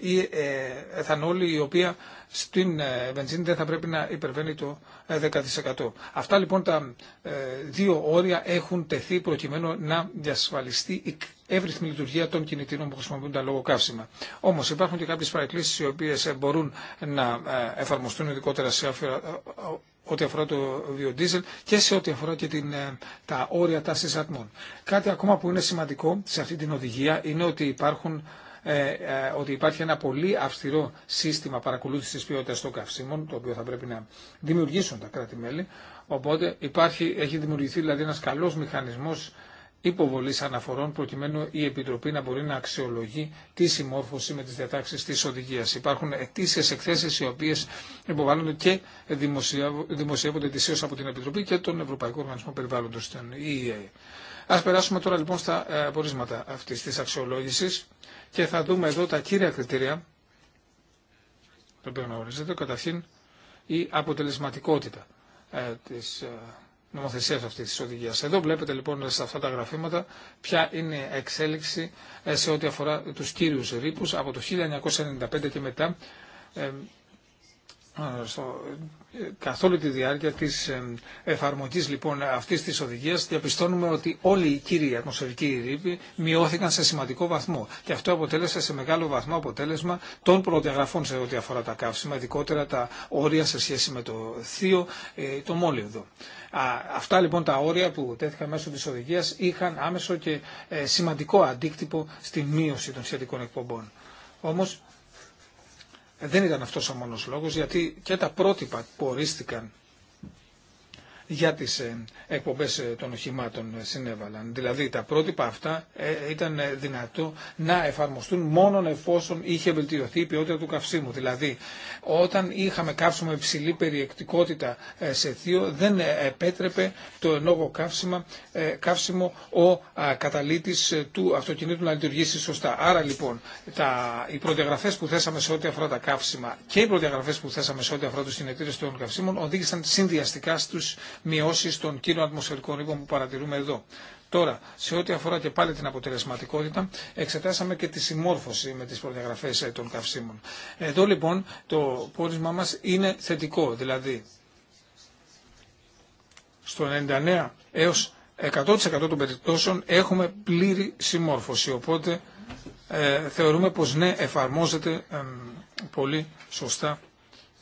η εθανόλη η οποία στην βενζίνη δεν θα πρέπει να υπερβαίνει το 10%. Ε, Αυτά λοιπόν τα ε, δύο όρια έχουν τεθεί προκειμένου να διασφαλιστεί η εύρυθμη λειτουργία των κινητήρων που τα λόγω καύσιμα. Όμω υπάρχουν και κάποιε παρεκκλήσει οι οποίε ε, μπορούν να εφαρμοστούν ειδικότερα σε ό,τι αφορά το βιοντίζελ και σε ό,τι αφορά και την, τα όρια τάση ατμών. Κάτι ακόμα που είναι σημαντικό σε αυτή την οδηγία είναι ότι υπάρχουν ε, ε, ότι υπάρχει ένα πολύ αυστηρό σύστημα παρακολούθησης ποιότητας των καυσίμων, το οποίο θα πρέπει να δημιουργήσουν τα κράτη-μέλη. Οπότε υπάρχει, έχει δημιουργηθεί δηλαδή ένας καλός μηχανισμός υποβολή αναφορών προκειμένου η Επιτροπή να μπορεί να αξιολογεί τη συμμόρφωση με τι διατάξει τη οδηγία. Υπάρχουν ετήσιε εκθέσει οι οποίε υποβάλλονται και δημοσιεύονται ετησίω από την Επιτροπή και τον Ευρωπαϊκό Οργανισμό Περιβάλλοντο, τον EEA. ΕΕ. Ας περάσουμε τώρα λοιπόν στα ε, απορίσματα αυτής της αξιολόγησης και θα δούμε εδώ τα κύρια κριτήρια, το οποίο γνωρίζετε, καταρχήν η αποτελεσματικότητα ε, της ε, νομοθεσίας αυτής της οδηγίας. Εδώ βλέπετε λοιπόν σε αυτά τα γραφήματα ποια είναι η εξέλιξη σε ό,τι αφορά τους κύριους ρήπου από το 1995 και μετά στο, ε, καθ' όλη τη διάρκεια της ε, εφαρμογής λοιπόν αυτής της οδηγίας διαπιστώνουμε ότι όλοι οι κύριοι ατμοσφαιρικοί ρήποι μειώθηκαν σε σημαντικό βαθμό και αυτό αποτέλεσε σε μεγάλο βαθμό αποτέλεσμα των προδιαγραφών σε ό,τι αφορά τα καύσιμα, ειδικότερα τα όρια σε σχέση με το θείο, ε, το μόλιδο. Αυτά λοιπόν τα όρια που τέθηκαν μέσω της οδηγίας είχαν άμεσο και σημαντικό αντίκτυπο στη μείωση των σχετικών εκπομπών. Όμως ε, δεν ήταν αυτός ο μόνος λόγος γιατί και τα πρότυπα που ορίστηκαν για τις ε, εκπομπές ε, των οχημάτων ε, συνέβαλαν. Δηλαδή τα πρότυπα αυτά ήταν δυνατό να εφαρμοστούν μόνο εφόσον είχε βελτιωθεί η ποιότητα του καυσίμου. Δηλαδή όταν είχαμε καύσιμο υψηλή περιεκτικότητα σε θείο δεν επέτρεπε το ενόγο καύσιμα, καύσιμο ο καταλήτης του αυτοκινήτου να λειτουργήσει σωστά. Άρα λοιπόν τα, οι προδιαγραφές που θέσαμε σε ό,τι αφορά τα καύσιμα και οι προδιαγραφές που θέσαμε σε ό,τι αφορά τους συνετήρες των καυσίμων οδήγησαν συνδυαστικά στους μειώσει των κύριων ατμοσφαιρικών ρήπων που παρατηρούμε εδώ. Τώρα, σε ό,τι αφορά και πάλι την αποτελεσματικότητα, εξετάσαμε και τη συμμόρφωση με τις προδιαγραφές ε, των καυσίμων. Εδώ λοιπόν το πόρισμα μας είναι θετικό, δηλαδή στο 99 έως 100% των περιπτώσεων έχουμε πλήρη συμμόρφωση, οπότε ε, θεωρούμε πως ναι εφαρμόζεται πολύ σωστά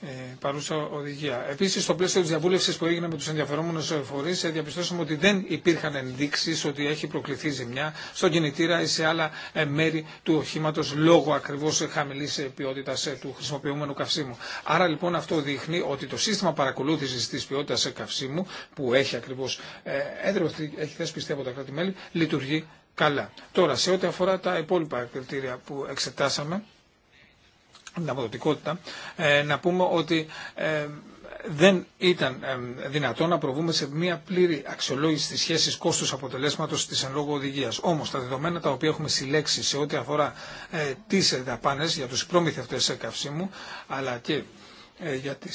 ε, παρούσα οδηγία. Επίση, στο πλαίσιο τη διαβούλευση που έγινε με του ενδιαφερόμενου φορεί, ε, διαπιστώσαμε ότι δεν υπήρχαν ενδείξει ότι έχει προκληθεί ζημιά στον κινητήρα ή σε άλλα ε, μέρη του οχήματο λόγω ακριβώ χαμηλή ποιότητα του χρησιμοποιούμενου καυσίμου. Άρα λοιπόν αυτό δείχνει ότι το σύστημα παρακολούθηση τη ποιότητα καυσίμου που έχει ακριβώ έδρα, έχει θεσπιστεί από τα κράτη-μέλη, λειτουργεί καλά. Τώρα, σε ό,τι αφορά τα υπόλοιπα κριτήρια που εξετάσαμε, ε, να πούμε ότι ε, δεν ήταν ε, δυνατό να προβούμε σε μια πλήρη αξιολόγηση τη σχέση κόστου αποτελέσματο τη εν λόγω οδηγία. Όμω τα δεδομένα τα οποία έχουμε συλλέξει σε ό,τι αφορά ε, τι δαπάνε για του προμηθευτέ καυσίμου αλλά και για τι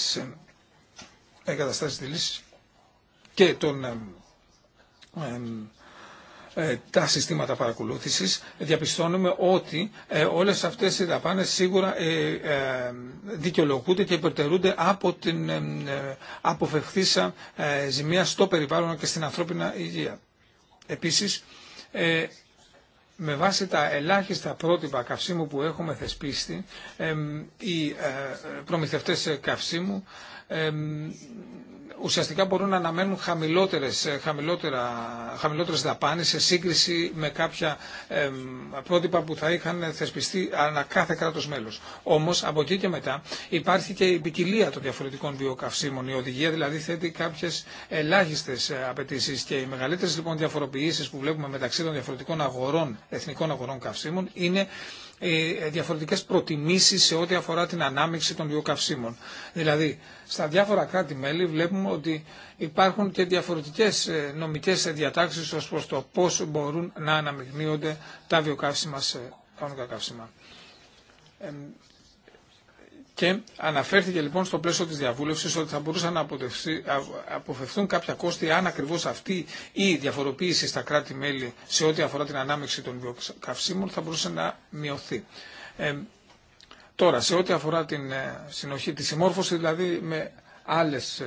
εγκαταστάσει τη και των ε, τα συστήματα παρακολούθησης διαπιστώνουμε ότι ε, όλες αυτές οι δαπάνες σίγουρα ε, δικαιολογούνται και υπερτερούνται από την αποφευχθήσα ζημία στο περιβάλλον και στην ανθρώπινα υγεία. Επίσης, με βάση τα ελάχιστα πρότυπα καυσίμου που έχουμε θεσπίσει, οι προμηθευτές καυσίμου ουσιαστικά μπορούν να αναμένουν χαμηλότερες, ε, χαμηλότερα, χαμηλότερες δαπάνες σε σύγκριση με κάποια πρότυπα που θα είχαν θεσπιστεί ανά κάθε κράτος μέλος. Όμως από εκεί και μετά υπάρχει και η ποικιλία των διαφορετικών βιοκαυσίμων. Η οδηγία δηλαδή θέτει κάποιες ελάχιστες ε, απαιτήσει και οι μεγαλύτερες λοιπόν διαφοροποιήσεις που βλέπουμε μεταξύ των διαφορετικών αγορών, εθνικών αγορών καυσίμων είναι ε, διαφορετικές προτιμήσεις σε ό,τι αφορά την ανάμειξη των βιοκαυσίμων. Δηλαδή, στα διάφορα κράτη-μέλη βλέπουμε ότι υπάρχουν και διαφορετικές ε, νομικές διατάξεις ως προς το πώς μπορούν να αναμειγνύονται τα βιοκαύσιμα σε κανονικά καύσιμα. Και αναφέρθηκε λοιπόν στο πλαίσιο τη διαβούλευση ότι θα μπορούσαν να αποφευθούν κάποια κόστη αν ακριβώ αυτή η διαφοροποίηση στα κράτη-μέλη σε ό,τι αφορά την ανάμειξη των βιοκαυσίμων θα μπορούσε να μειωθεί. Ε, τώρα, σε ό,τι αφορά την ε, συνοχή, τη συμμόρφωση δηλαδή με άλλες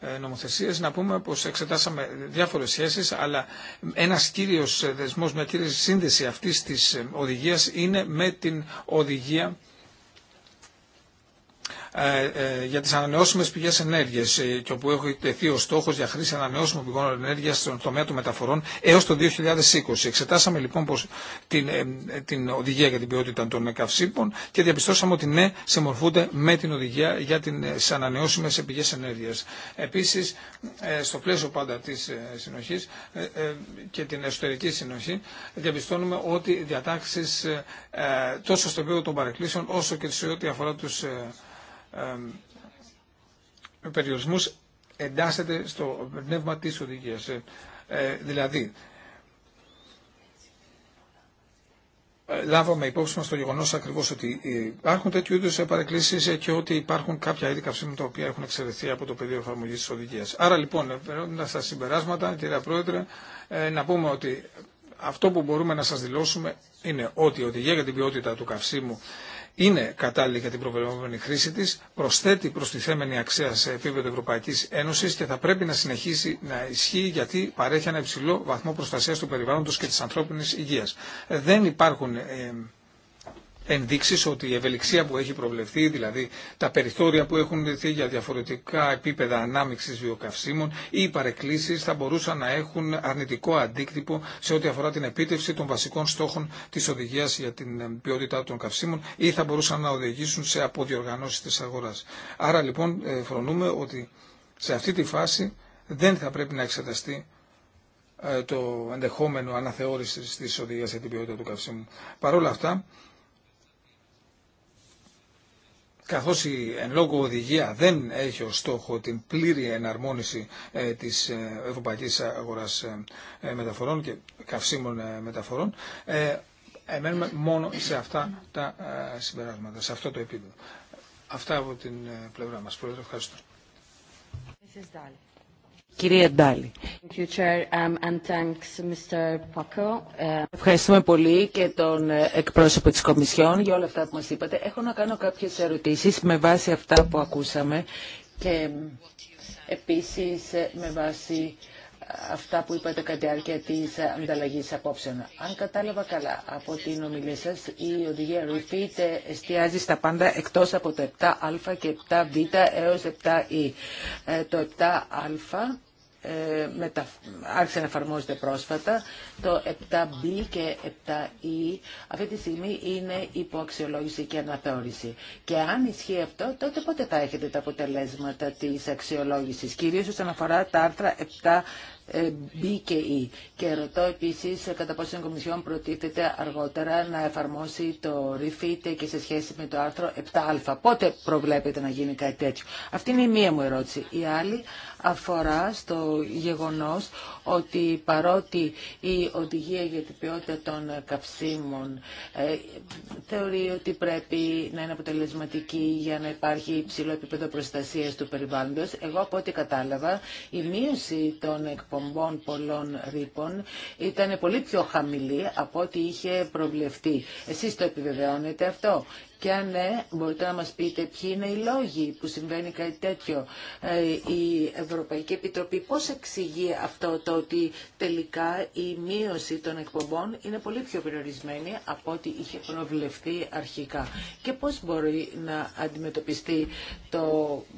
ε, νομοθεσίες, να πούμε πω εξετάσαμε διάφορε σχέσει, αλλά ένα κύριο δεσμό, μια κύριε σύνδεση αυτή τη οδηγία είναι με την οδηγία ε, ε, για τις ανανεώσιμες πηγές ενέργειας ε, και όπου έχει τεθεί ο στόχος για χρήση ανανεώσιμων πηγών ενέργειας στον τομέα των μεταφορών έως το 2020. Εξετάσαμε λοιπόν πως την, την οδηγία για την ποιότητα των καυσίμων και διαπιστώσαμε ότι ναι, συμμορφούνται με την οδηγία για τις ανανεώσιμες πηγές ενέργειας. Επίσης, στο πλαίσιο πάντα της συνοχής και την εσωτερική συνοχή, διαπιστώνουμε ότι διατάξεις τόσο στο επίπεδο των παρεκκλήσεων όσο και σε ό,τι αφορά τους περιορισμούς εντάσσεται στο πνεύμα της οδηγίας. Ε, ε δηλαδή, ε, λάβαμε υπόψη μας το γεγονός ακριβώς ότι υπάρχουν τέτοιου είδους παρεκκλήσεις και ότι υπάρχουν κάποια είδη καυσίμων τα οποία έχουν εξαιρεθεί από το πεδίο εφαρμογής της οδηγίας. Άρα λοιπόν, περνώντα στα συμπεράσματα, κυρία Πρόεδρε, ε, να πούμε ότι αυτό που μπορούμε να σας δηλώσουμε είναι ότι η οδηγία για την ποιότητα του καυσίμου είναι κατάλληλη για την προβλεπόμενη χρήση τη, προσθέτει προστιθέμενη αξία σε επίπεδο Ευρωπαϊκής Ένωσης και θα πρέπει να συνεχίσει να ισχύει γιατί παρέχει ένα υψηλό βαθμό προστασίας του περιβάλλοντος και της ανθρώπινης υγείας. Ε, δεν υπάρχουν ε, ενδείξεις ότι η ευελιξία που έχει προβλεφθεί, δηλαδή τα περιθώρια που έχουν δεθεί για διαφορετικά επίπεδα ανάμειξης βιοκαυσίμων ή οι θα μπορούσαν να έχουν αρνητικό αντίκτυπο σε ό,τι αφορά την επίτευξη των βασικών στόχων της οδηγίας για την ποιότητα των καυσίμων ή θα μπορούσαν να οδηγήσουν σε αποδιοργανώσεις της αγοράς. Άρα λοιπόν ε, φρονούμε ότι σε αυτή τη φάση δεν θα πρέπει να εξεταστεί ε, το ενδεχόμενο αναθεώρησης της οδηγίας για την ποιότητα του καυσίμου. Παρ' αυτά, καθώς η εν λόγω οδηγία δεν έχει ως στόχο την πλήρη εναρμόνιση ε, της ε, ευρωπαϊκής αγοράς ε, μεταφορών και καυσίμων μεταφορών, εμένουμε μόνο σε αυτά τα συμπεράσματα, σε αυτό το επίπεδο. Αυτά από την πλευρά μας. Πρόεδρε, ευχαριστώ. Um, uh, Ευχαριστούμε πολύ και τον ε, εκπρόσωπο της Κομισιόν για όλα αυτά που μας είπατε. Έχω να κάνω κάποιες ερωτήσεις με βάση αυτά που ακούσαμε και ε, επίσης ε, με βάση αυτά που είπατε κατά τη διάρκεια της ανταλλαγής απόψεων. Αν κατάλαβα καλά από την ομιλία σας, η οδηγία Ρουφίτ εστιάζει στα πάντα εκτός από το 7α και 7β έως 7η. Το 7α ε, άρχισε να εφαρμόζεται πρόσφατα. Το 7B και 7E αυτή τη στιγμή είναι υπό αξιολόγηση και αναθεώρηση. Και αν ισχύει αυτό, τότε πότε θα έχετε τα αποτελέσματα της αξιολόγησης, κυρίως όσον αφορά τα άρθρα 7, B και E. Και ρωτώ επίσης κατά πόσο η Κομισιόν προτίθεται αργότερα να εφαρμόσει το REFIT και σε σχέση με το άρθρο 7α. Πότε προβλέπετε να γίνει κάτι τέτοιο. Αυτή είναι η μία μου ερώτηση. Η άλλη αφορά στο γεγονός ότι παρότι η οδηγία για την ποιότητα των καυσίμων ε, θεωρεί ότι πρέπει να είναι αποτελεσματική για να υπάρχει υψηλό επίπεδο προστασίας του περιβάλλοντος, εγώ από ό,τι κατάλαβα η μείωση των εκπομπών πολλών ρήπων ήταν πολύ πιο χαμηλή από ό,τι είχε προβλεφτεί. Εσείς το επιβεβαιώνετε αυτό. Και αν ναι, μπορείτε να μας πείτε ποιοι είναι οι λόγοι που συμβαίνει κάτι τέτοιο. Ε, η Ευρωπαϊκή Επιτροπή πώς εξηγεί αυτό το ότι τελικά η μείωση των εκπομπών είναι πολύ πιο περιορισμένη από ό,τι είχε προβλεφθεί αρχικά και πώς μπορεί να αντιμετωπιστεί το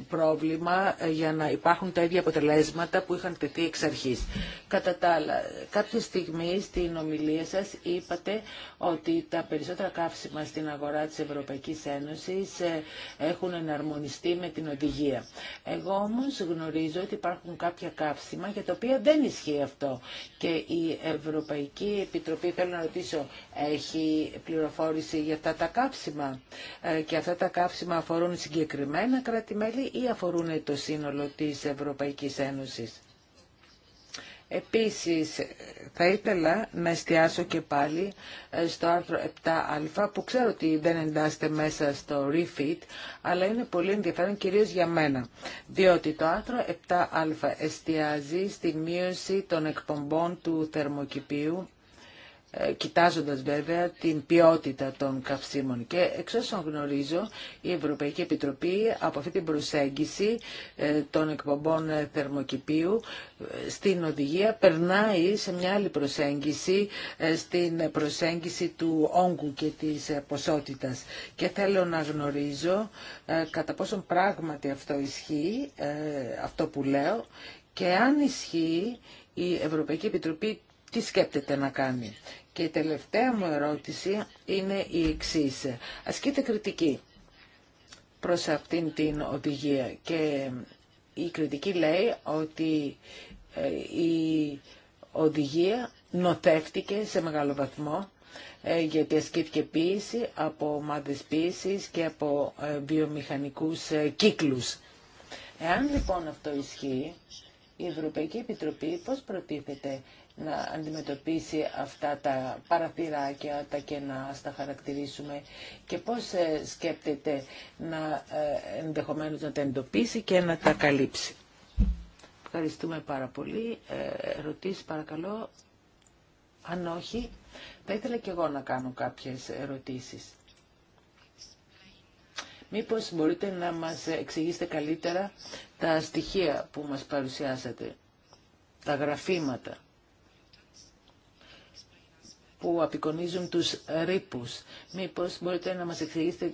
πρόβλημα ε, για να υπάρχουν τα ίδια αποτελέσματα που είχαν τεθεί εξ αρχής. Κατά τα άλλα, κάποια στιγμή στην ομιλία σας είπατε ότι τα περισσότερα καύσιμα στην αγορά της Ευρωπαϊκής Ένωσης ε, έχουν εναρμονιστεί με την οδηγία. Εγώ όμως γνωρίζω νομίζω ότι υπάρχουν κάποια καύσιμα για τα οποία δεν ισχύει αυτό. Και η Ευρωπαϊκή Επιτροπή, θέλω να ρωτήσω, έχει πληροφόρηση για αυτά τα καύσιμα. Ε, και αυτά τα καύσιμα αφορούν συγκεκριμένα κράτη-μέλη ή αφορούν το σύνολο της Ευρωπαϊκής Ένωσης. Επίσης, θα ήθελα να εστιάσω και πάλι ε, στο άρθρο 7α, που ξέρω ότι δεν εντάσσεται μέσα στο refit, αλλά είναι πολύ ενδιαφέρον κυρίως για μένα, διότι το άρθρο 7α εστιάζει στη μείωση των εκπομπών του θερμοκηπίου ε, κοιτάζοντας βέβαια την ποιότητα των καυσίμων. Και εξ όσων γνωρίζω, η Ευρωπαϊκή Επιτροπή από αυτή την προσέγγιση ε, των εκπομπών θερμοκηπίου ε, στην οδηγία περνάει σε μια άλλη προσέγγιση, στην προσέγγιση του όγκου και της ποσότητας. Και θέλω να γνωρίζω κατά πόσον πράγματι αυτό ισχύει, αυτό που λέω, και αν ισχύει η Ευρωπαϊκή Επιτροπή τι σκέπτεται να κάνει. Και η τελευταία μου ερώτηση είναι η εξής. Ασκείται κριτική προς αυτήν την οδηγία και η κριτική λέει ότι ε, η οδηγία νοθεύτηκε σε μεγάλο βαθμό ε, γιατί ασκήθηκε πίεση από ομάδες και από ε, βιομηχανικούς κύκλους. Εάν λοιπόν αυτό ισχύει, η Ευρωπαϊκή Επιτροπή πώς προτίθεται να αντιμετωπίσει αυτά τα παραθυράκια, τα κενά, τα χαρακτηρίσουμε και πώς ε, σκέπτεται να ε, ενδεχομένως να τα εντοπίσει και να τα καλύψει. Ευχαριστούμε πάρα πολύ. Ε, ερωτήσεις παρακαλώ. Αν όχι, θα ήθελα και εγώ να κάνω κάποιες ερωτήσεις. Μήπως μπορείτε να μας εξηγήσετε καλύτερα τα στοιχεία που μας παρουσιάσατε, τα γραφήματα που απεικονίζουν τους ρήπους. Μήπως μπορείτε να μας εξηγήσετε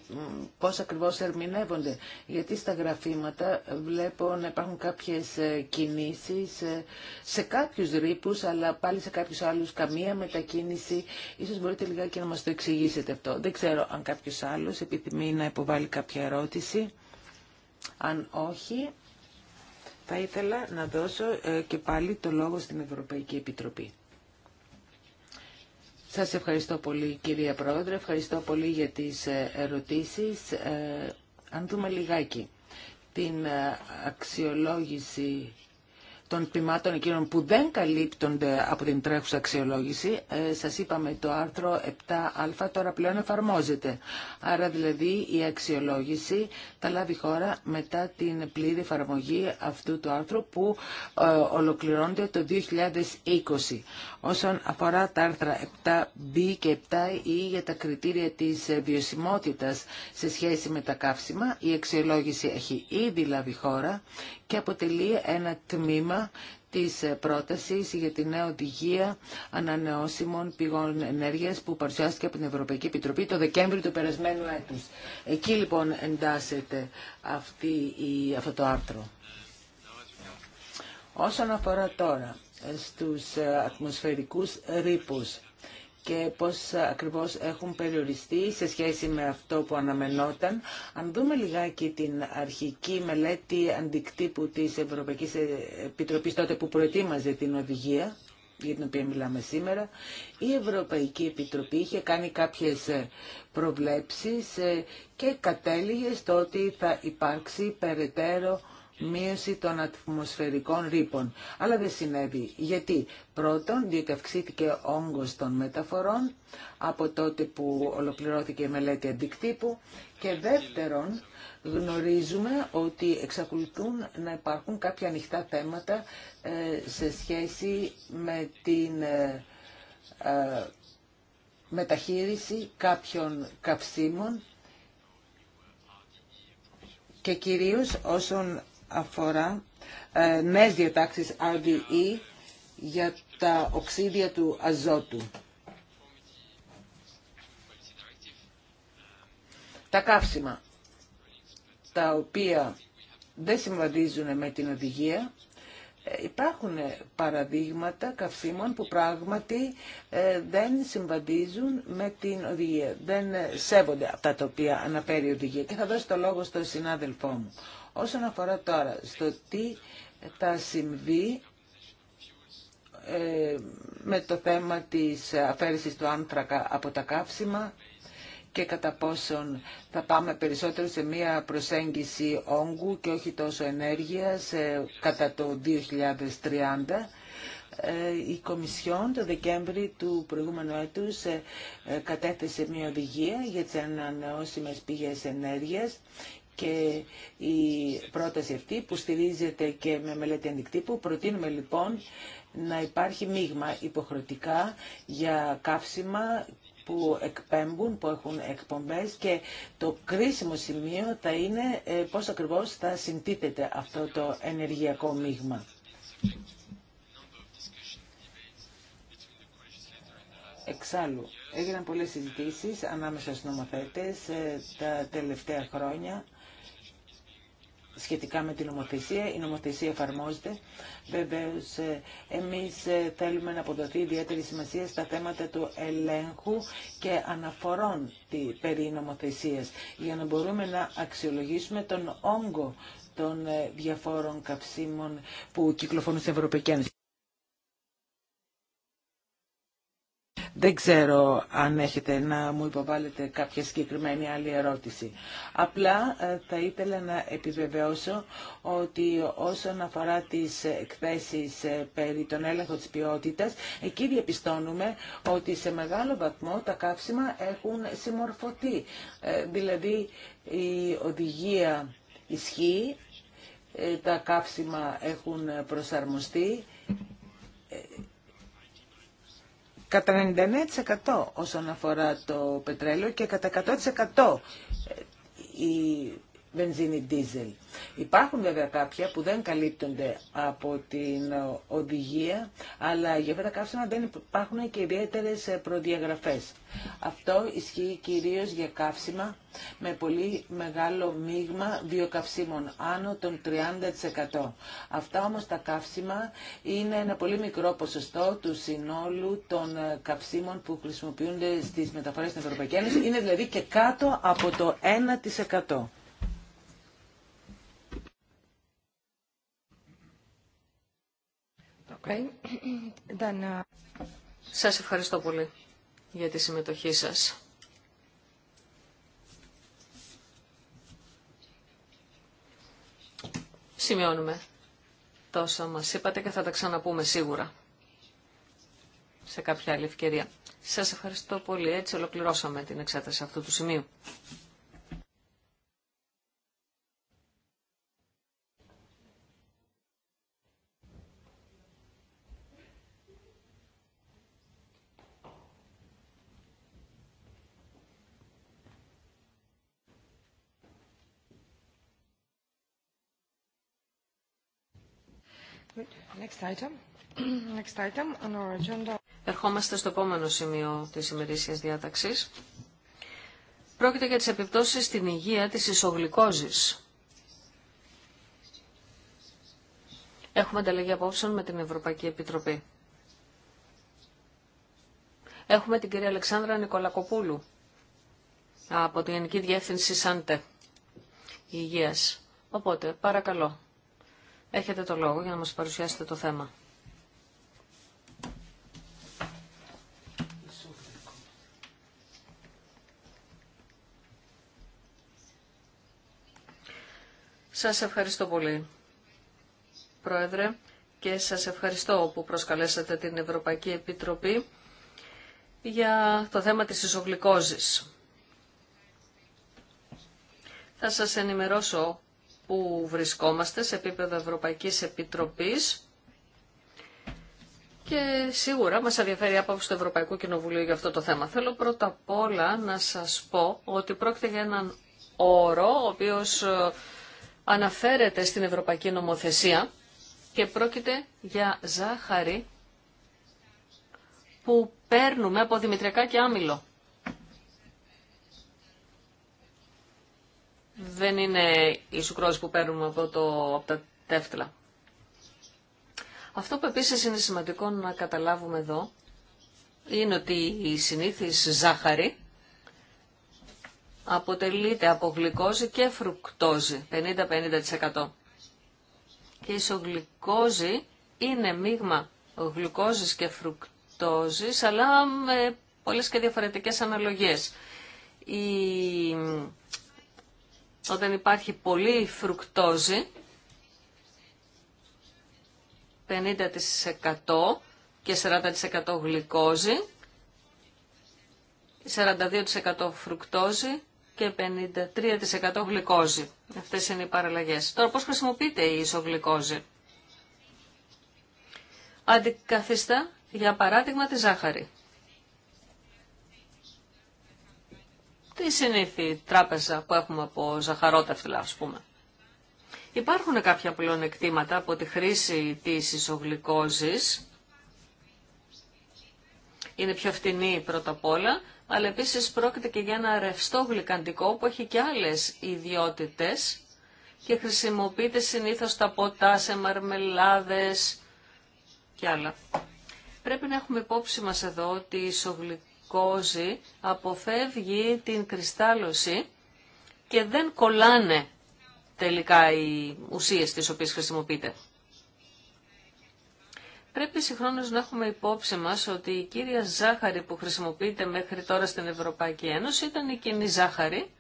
πώς ακριβώς ερμηνεύονται. Γιατί στα γραφήματα βλέπω να υπάρχουν κάποιες ε, κινήσεις ε, σε κάποιους ρήπους, αλλά πάλι σε κάποιους άλλους καμία μετακίνηση. Ίσως μπορείτε λιγάκι να μας το εξηγήσετε αυτό. Δεν ξέρω αν κάποιος άλλος επιθυμεί να υποβάλει κάποια ερώτηση. Αν όχι, θα ήθελα να δώσω ε, και πάλι το λόγο στην Ευρωπαϊκή Επιτροπή. Σας ευχαριστώ πολύ κυρία Πρόεδρε, ευχαριστώ πολύ για τις ε, ερωτήσεις. Ε, αν δούμε λιγάκι την ε, αξιολόγηση των τμήματων εκείνων που δεν καλύπτονται από την τρέχουσα αξιολόγηση, ε, σας είπαμε το άρθρο 7α τώρα πλέον εφαρμόζεται. Άρα δηλαδή η αξιολόγηση θα λάβει χώρα μετά την πλήρη εφαρμογή αυτού του άρθρου που ε, ολοκληρώνεται το 2020. Όσον αφορά τα άρθρα 7b και 7e για τα κριτήρια της ε, βιωσιμότητας σε σχέση με τα καύσιμα, η αξιολόγηση έχει ήδη λάβει χώρα και αποτελεί ένα τμήμα της πρότασης για τη νέα οδηγία ανανεώσιμων πηγών ενέργειας που παρουσιάστηκε από την Ευρωπαϊκή Επιτροπή το Δεκέμβριο του περασμένου έτους. Εκεί λοιπόν εντάσσεται αυτή η, αυτό το άρθρο. Όσον αφορά τώρα στους ε, ατμοσφαιρικούς ρήπους, και πώς ακριβώς έχουν περιοριστεί σε σχέση με αυτό που αναμενόταν. Αν δούμε λιγάκι την αρχική μελέτη αντικτύπου της Ευρωπαϊκής Επιτροπής τότε που προετοίμαζε την οδηγία, για την οποία μιλάμε σήμερα, η Ευρωπαϊκή Επιτροπή είχε κάνει κάποιες προβλέψεις ε, και κατέληγε στο ότι θα υπάρξει περαιτέρω μείωση των ατμοσφαιρικών ρήπων. Αλλά δεν συνέβη. Γιατί πρώτον ο όγκος των μεταφορών από τότε που ολοκληρώθηκε η μελέτη αντικτύπου και δεύτερον γνωρίζουμε ότι εξακολουθούν να υπάρχουν κάποια ανοιχτά θέματα ε, σε σχέση με την ε, ε, μεταχείριση κάποιων καυσίμων και κυρίως όσον αφορά ε, νέες διατάξεις RDE για τα οξύδια του αζότου. Τα καύσιμα, τα οποία δεν συμβαδίζουν με την οδηγία, ε, υπάρχουν παραδείγματα καυσίμων που πράγματι ε, δεν συμβαδίζουν με την οδηγία, δεν ε, σέβονται αυτά τα οποία αναφέρει η οδηγία. Και θα δώσω το λόγο στον συνάδελφό μου, Όσον αφορά τώρα στο τι θα συμβεί ε, με το θέμα της αφαίρεσης του άνθρακα από τα καύσιμα και κατά πόσον θα πάμε περισσότερο σε μια προσέγγιση όγκου και όχι τόσο ενέργειας κατά το 2030. Ε, η Κομισιόν το Δεκέμβρη του προηγούμενου έτους ε, κατέθεσε μια οδηγία για τις ανανεώσιμες πηγές ενέργειας και η πρόταση αυτή που στηρίζεται και με μελέτη αντικτύπου. Προτείνουμε λοιπόν να υπάρχει μείγμα υποχρεωτικά για καύσιμα που εκπέμπουν, που έχουν εκπομπές και το κρίσιμο σημείο θα είναι ε, πώς ακριβώς θα συντίθεται αυτό το ενεργειακό μείγμα. Εξάλλου, έγιναν πολλές συζητήσεις ανάμεσα στους νομοθέτες ε, τα τελευταία χρόνια σχετικά με την νομοθεσία. Η νομοθεσία εφαρμόζεται. Βεβαίω, ε, εμεί ε, θέλουμε να αποδοθεί ιδιαίτερη σημασία στα θέματα του ελέγχου και αναφορών περί νομοθεσία για να μπορούμε να αξιολογήσουμε τον όγκο των ε, διαφόρων καυσίμων που κυκλοφορούν στην Ευρωπαϊκή Ένωση. Δεν ξέρω αν έχετε να μου υποβάλλετε κάποια συγκεκριμένη άλλη ερώτηση. Απλά ε, θα ήθελα να επιβεβαιώσω ότι όσον αφορά τις εκθέσεις ε, περί τον έλεγχο της ποιότητας, εκεί διαπιστώνουμε ότι σε μεγάλο βαθμό τα καύσιμα έχουν συμμορφωθεί. Ε, δηλαδή η οδηγία ισχύει, τα καύσιμα έχουν προσαρμοστεί κατά 99% όσον αφορά το πετρέλαιο και κατά 100% ε, η βενζίνη δίζελ. Υπάρχουν βέβαια κάποια που δεν καλύπτονται από την οδηγία, αλλά για αυτά τα καύσιμα δεν υπάρχουν και ιδιαίτερε προδιαγραφέ. Αυτό ισχύει κυρίω για καύσιμα με πολύ μεγάλο μείγμα βιοκαυσίμων, άνω των 30%. Αυτά όμω τα καύσιμα είναι ένα πολύ μικρό ποσοστό του συνόλου των καυσίμων που χρησιμοποιούνται στι μεταφορέ στην Ευρωπαϊκή Ένωση. Είναι δηλαδή και κάτω από το 1%. Okay. Uh, σας ευχαριστώ πολύ για τη συμμετοχή σας. Σημειώνουμε τόσα μας είπατε και θα τα ξαναπούμε σίγουρα σε κάποια άλλη ευκαιρία. Σας ευχαριστώ πολύ. Έτσι ολοκληρώσαμε την εξέταση αυτού του σημείου. Ερχόμαστε στο επόμενο σημείο της ημερήσιας διάταξης. Πρόκειται για τις επιπτώσεις στην υγεία της ισογλυκόζης. Έχουμε ανταλλαγή απόψεων με την Ευρωπαϊκή Επιτροπή. Έχουμε την κυρία Αλεξάνδρα Νικολακοπούλου από την Γενική Διεύθυνση ΣΑΝΤΕ υγεία. Οπότε, παρακαλώ, Έχετε το λόγο για να μας παρουσιάσετε το θέμα. Σας ευχαριστώ πολύ, Πρόεδρε, και σας ευχαριστώ που προσκαλέσατε την Ευρωπαϊκή Επιτροπή για το θέμα της ισογλυκόζης. Θα σας ενημερώσω που βρισκόμαστε σε επίπεδο Ευρωπαϊκής Επιτροπής και σίγουρα μας ενδιαφέρει η άποψη του Ευρωπαϊκού Κοινοβουλίου για αυτό το θέμα. Θέλω πρώτα απ' όλα να σας πω ότι πρόκειται για έναν όρο ο οποίος ε, αναφέρεται στην Ευρωπαϊκή Νομοθεσία και πρόκειται για ζάχαρη που παίρνουμε από δημητριακά και άμυλο. δεν είναι οι σουκρόζη που παίρνουμε από, το, από τα τεύτλα. Αυτό που επίσης είναι σημαντικό να καταλάβουμε εδώ είναι ότι η συνήθις ζάχαρη αποτελείται από γλυκόζη και φρουκτόζη, 50-50%. Και η ισογλυκόζη είναι μείγμα γλυκόζης και φρουκτόζης, αλλά με πολλές και διαφορετικές αναλογίες. Η όταν υπάρχει πολύ φρουκτόζη, 50% και 40% γλυκόζη, 42% φρουκτόζη και 53% γλυκόζη. Αυτές είναι οι παραλλαγές. Τώρα πώς χρησιμοποιείται η ισογλυκόζη. Αντικαθιστά, για παράδειγμα, τη ζάχαρη. η συνήθη τράπεζα που έχουμε από ζαχαρόταφλα ας πούμε. Υπάρχουν κάποια πλεονεκτήματα από τη χρήση της ισογλυκόζης. Είναι πιο φτηνή πρώτα απ' όλα, αλλά επίσης πρόκειται και για ένα ρευστό γλυκαντικό που έχει και άλλες ιδιότητες και χρησιμοποιείται συνήθως τα ποτά, σε μαρμελάδες και άλλα. Πρέπει να έχουμε υπόψη μας εδώ ότι η ισογλυκόζη αποφεύγει την κρυστάλλωση και δεν κολλάνε τελικά οι ουσίες τις οποίες χρησιμοποιείται. Πρέπει συγχρόνως να έχουμε υπόψη μας ότι η κύρια ζάχαρη που χρησιμοποιείται μέχρι τώρα στην Ευρωπαϊκή Ένωση ήταν η κοινή ζάχαρη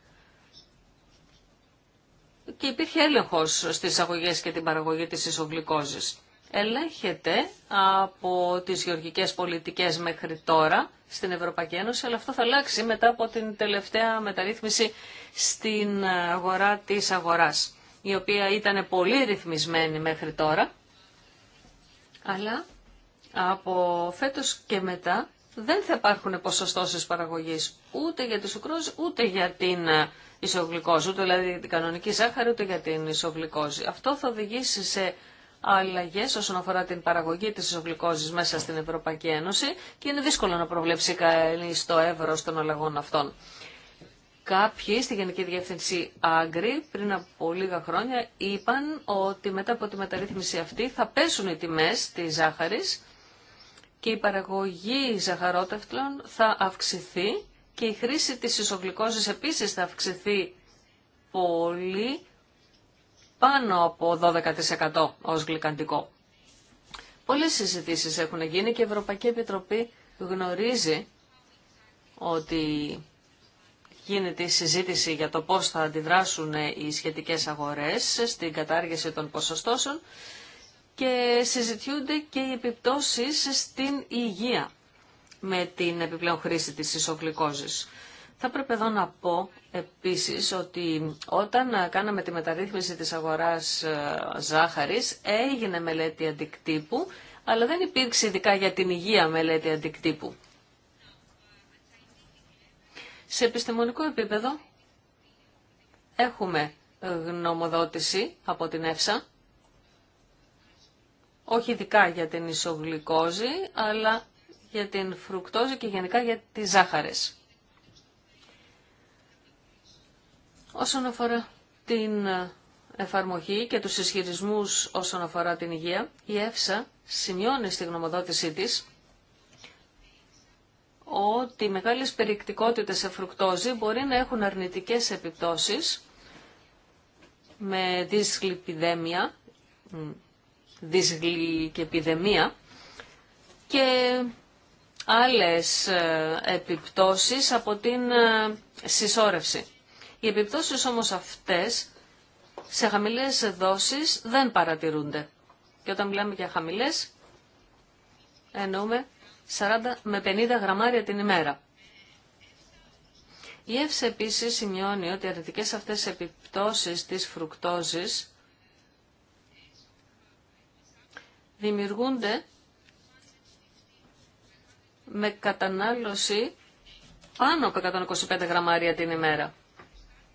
και υπήρχε έλεγχος στις αγωγές και την παραγωγή της ισογλυκόζης ελέγχεται από τις γεωργικές πολιτικές μέχρι τώρα στην Ευρωπαϊκή Ένωση, αλλά αυτό θα αλλάξει μετά από την τελευταία μεταρρύθμιση στην αγορά της αγοράς, η οποία ήταν πολύ ρυθμισμένη μέχρι τώρα, αλλά από φέτος και μετά δεν θα υπάρχουν ποσοστώσεις παραγωγής ούτε για τη σουκρόζη ούτε για την ισογλυκόζη, ούτε δηλαδή την κανονική ζάχαρη ούτε για την ισογλυκόζη. Αυτό θα οδηγήσει σε Αλλαγέ όσον αφορά την παραγωγή της ισογλυκόζης μέσα στην Ευρωπαϊκή Ένωση και είναι δύσκολο να προβλέψει κανεί το εύρο των αλλαγών αυτών. Κάποιοι στη Γενική Διεύθυνση Άγκρη πριν από λίγα χρόνια είπαν ότι μετά από τη μεταρρύθμιση αυτή θα πέσουν οι τιμές της ζάχαρης και η παραγωγή ζαχαρότευτλων θα αυξηθεί και η χρήση της ισογλυκόζης επίσης θα αυξηθεί πολύ πάνω από 12% ως γλυκαντικό. Πολλές συζητήσεις έχουν γίνει και η Ευρωπαϊκή Επιτροπή γνωρίζει ότι γίνεται η συζήτηση για το πώς θα αντιδράσουν οι σχετικές αγορές στην κατάργηση των ποσοστώσεων και συζητιούνται και οι επιπτώσεις στην υγεία με την επιπλέον χρήση της ισογλυκόζης. Θα πρέπει εδώ να πω επίσης ότι όταν κάναμε τη μεταρρύθμιση της αγοράς ε, ζάχαρης έγινε μελέτη αντικτύπου, αλλά δεν υπήρξε ειδικά για την υγεία μελέτη αντικτύπου. Σε επιστημονικό επίπεδο έχουμε ε, γνωμοδότηση από την ΕΦΣΑ, όχι ειδικά για την ισογλυκόζη, αλλά για την φρουκτόζη και γενικά για τις ζάχαρες. Όσον αφορά την ε, εφαρμογή και τους ισχυρισμούς όσον αφορά την υγεία, η ΕΦΣΑ σημειώνει στη γνωμοδότησή της ότι οι μεγάλες περιεκτικότητες σε φρουκτόζη μπορεί να έχουν αρνητικές επιπτώσεις με δυσγλυπηδέμια, επιδεμία και άλλες ε, επιπτώσεις από την ε, συσσόρευση. Οι επιπτώσεις όμως αυτές σε χαμηλές δόσεις δεν παρατηρούνται. Και όταν μιλάμε για χαμηλές, εννοούμε 40 με 50 γραμμάρια την ημέρα. Η ΕΦΣΕ επίσης σημειώνει ότι οι αρνητικές αυτές επιπτώσεις της φρουκτόζης δημιουργούνται με κατανάλωση πάνω από 125 γραμμάρια την ημέρα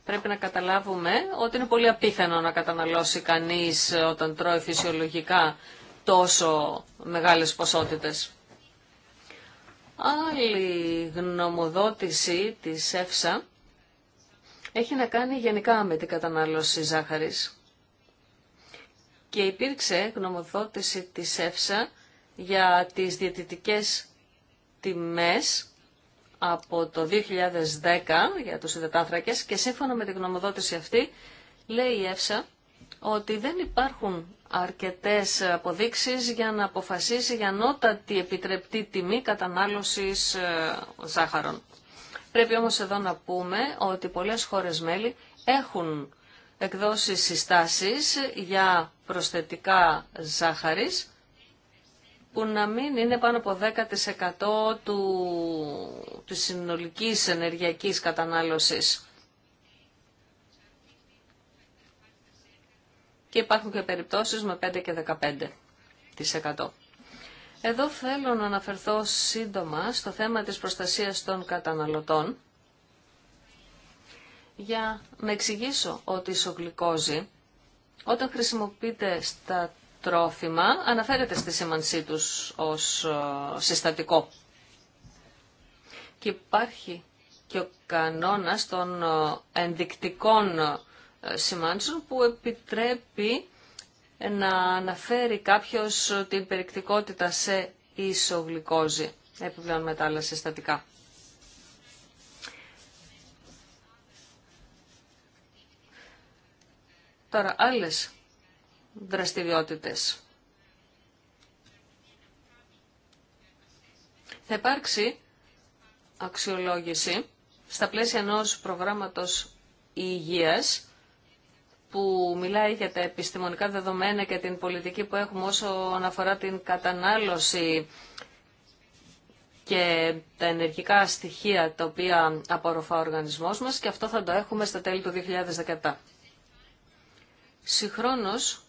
πρέπει να καταλάβουμε ότι είναι πολύ απίθανο να καταναλώσει κανείς όταν τρώει φυσιολογικά τόσο μεγάλες ποσότητες. Άλλη γνωμοδότηση της ΕΦΣΑ έχει να κάνει γενικά με την κατανάλωση ζάχαρης. Και υπήρξε γνωμοδότηση της ΕΦΣΑ για τις διαιτητικές τιμές από το 2010 για τους υδατάνθρακες και σύμφωνα με την γνωμοδότηση αυτή λέει η ΕΦΣΑ ότι δεν υπάρχουν αρκετές αποδείξεις για να αποφασίσει για ανώτατη επιτρεπτή τιμή κατανάλωσης ε, ζάχαρων. Πρέπει όμως εδώ να πούμε ότι πολλές χώρες μέλη έχουν εκδώσει συστάσεις για προσθετικά ζάχαρης που να μην είναι πάνω από 10% του, της συνολικής ενεργειακής κατανάλωσης. Και υπάρχουν και περιπτώσεις με 5 και 15%. Εδώ θέλω να αναφερθώ σύντομα στο θέμα της προστασίας των καταναλωτών για να εξηγήσω ότι η σογλυκόζη όταν χρησιμοποιείται στα τρόφιμα αναφέρεται στη σήμανσή τους ως ε, συστατικό. Και υπάρχει και ο κανόνας των ε, ενδεικτικών ε, σημάνσεων που επιτρέπει να αναφέρει κάποιος την περιεκτικότητα σε ισογλυκόζη επιπλέον αλλά συστατικά. Τώρα, άλλες δραστηριότητες. Θα υπάρξει αξιολόγηση στα πλαίσια ενό προγράμματος υγείας που μιλάει για τα επιστημονικά δεδομένα και την πολιτική που έχουμε όσον αφορά την κατανάλωση και τα ενεργικά στοιχεία τα οποία απορροφά ο οργανισμός μας και αυτό θα το έχουμε στα τέλη του 2017. Συγχρόνως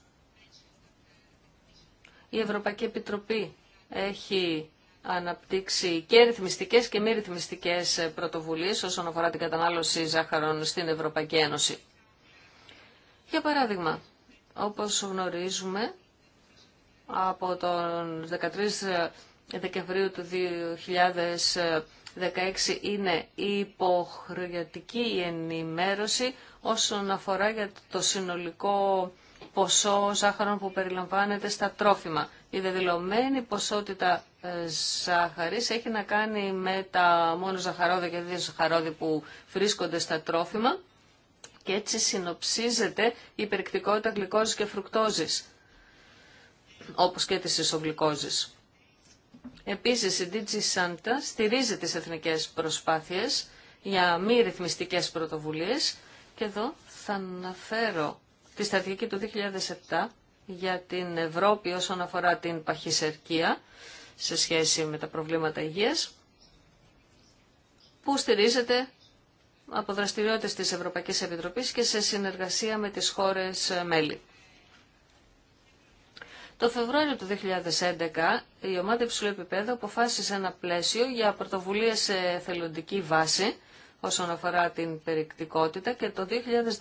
η Ευρωπαϊκή Επιτροπή έχει αναπτύξει και ρυθμιστικές και μη ρυθμιστικές πρωτοβουλίες όσον αφορά την κατανάλωση ζάχαρων στην Ευρωπαϊκή Ένωση. Για παράδειγμα, όπως γνωρίζουμε, από τον 13 Δεκεμβρίου του 2016 είναι η ενημέρωση όσον αφορά για το συνολικό ποσό ζάχαρων που περιλαμβάνεται στα τρόφιμα. Η δεδηλωμένη ποσότητα ε, ζάχαρης έχει να κάνει με τα μόνο ζαχαρόδια και δύο ζαχαρόδια που βρίσκονται στα τρόφιμα και έτσι συνοψίζεται η περιεκτικότητα γλυκόζης και φρουκτόζης, όπως και της ισογλυκόζης. Επίσης, η DG Santa στηρίζει τις εθνικές προσπάθειες για μη ρυθμιστικές πρωτοβουλίες και εδώ θα αναφέρω τη στρατηγική του 2007 για την Ευρώπη όσον αφορά την παχυσερκία σε σχέση με τα προβλήματα υγείας, που στηρίζεται από δραστηριότητες της Ευρωπαϊκής Επιτροπής και σε συνεργασία με τις χώρες μέλη. Το Φεβρουάριο του 2011 η ομάδα υψηλού επίπεδου αποφάσισε ένα πλαίσιο για πρωτοβουλία σε θελοντική βάση όσον αφορά την περιεκτικότητα και το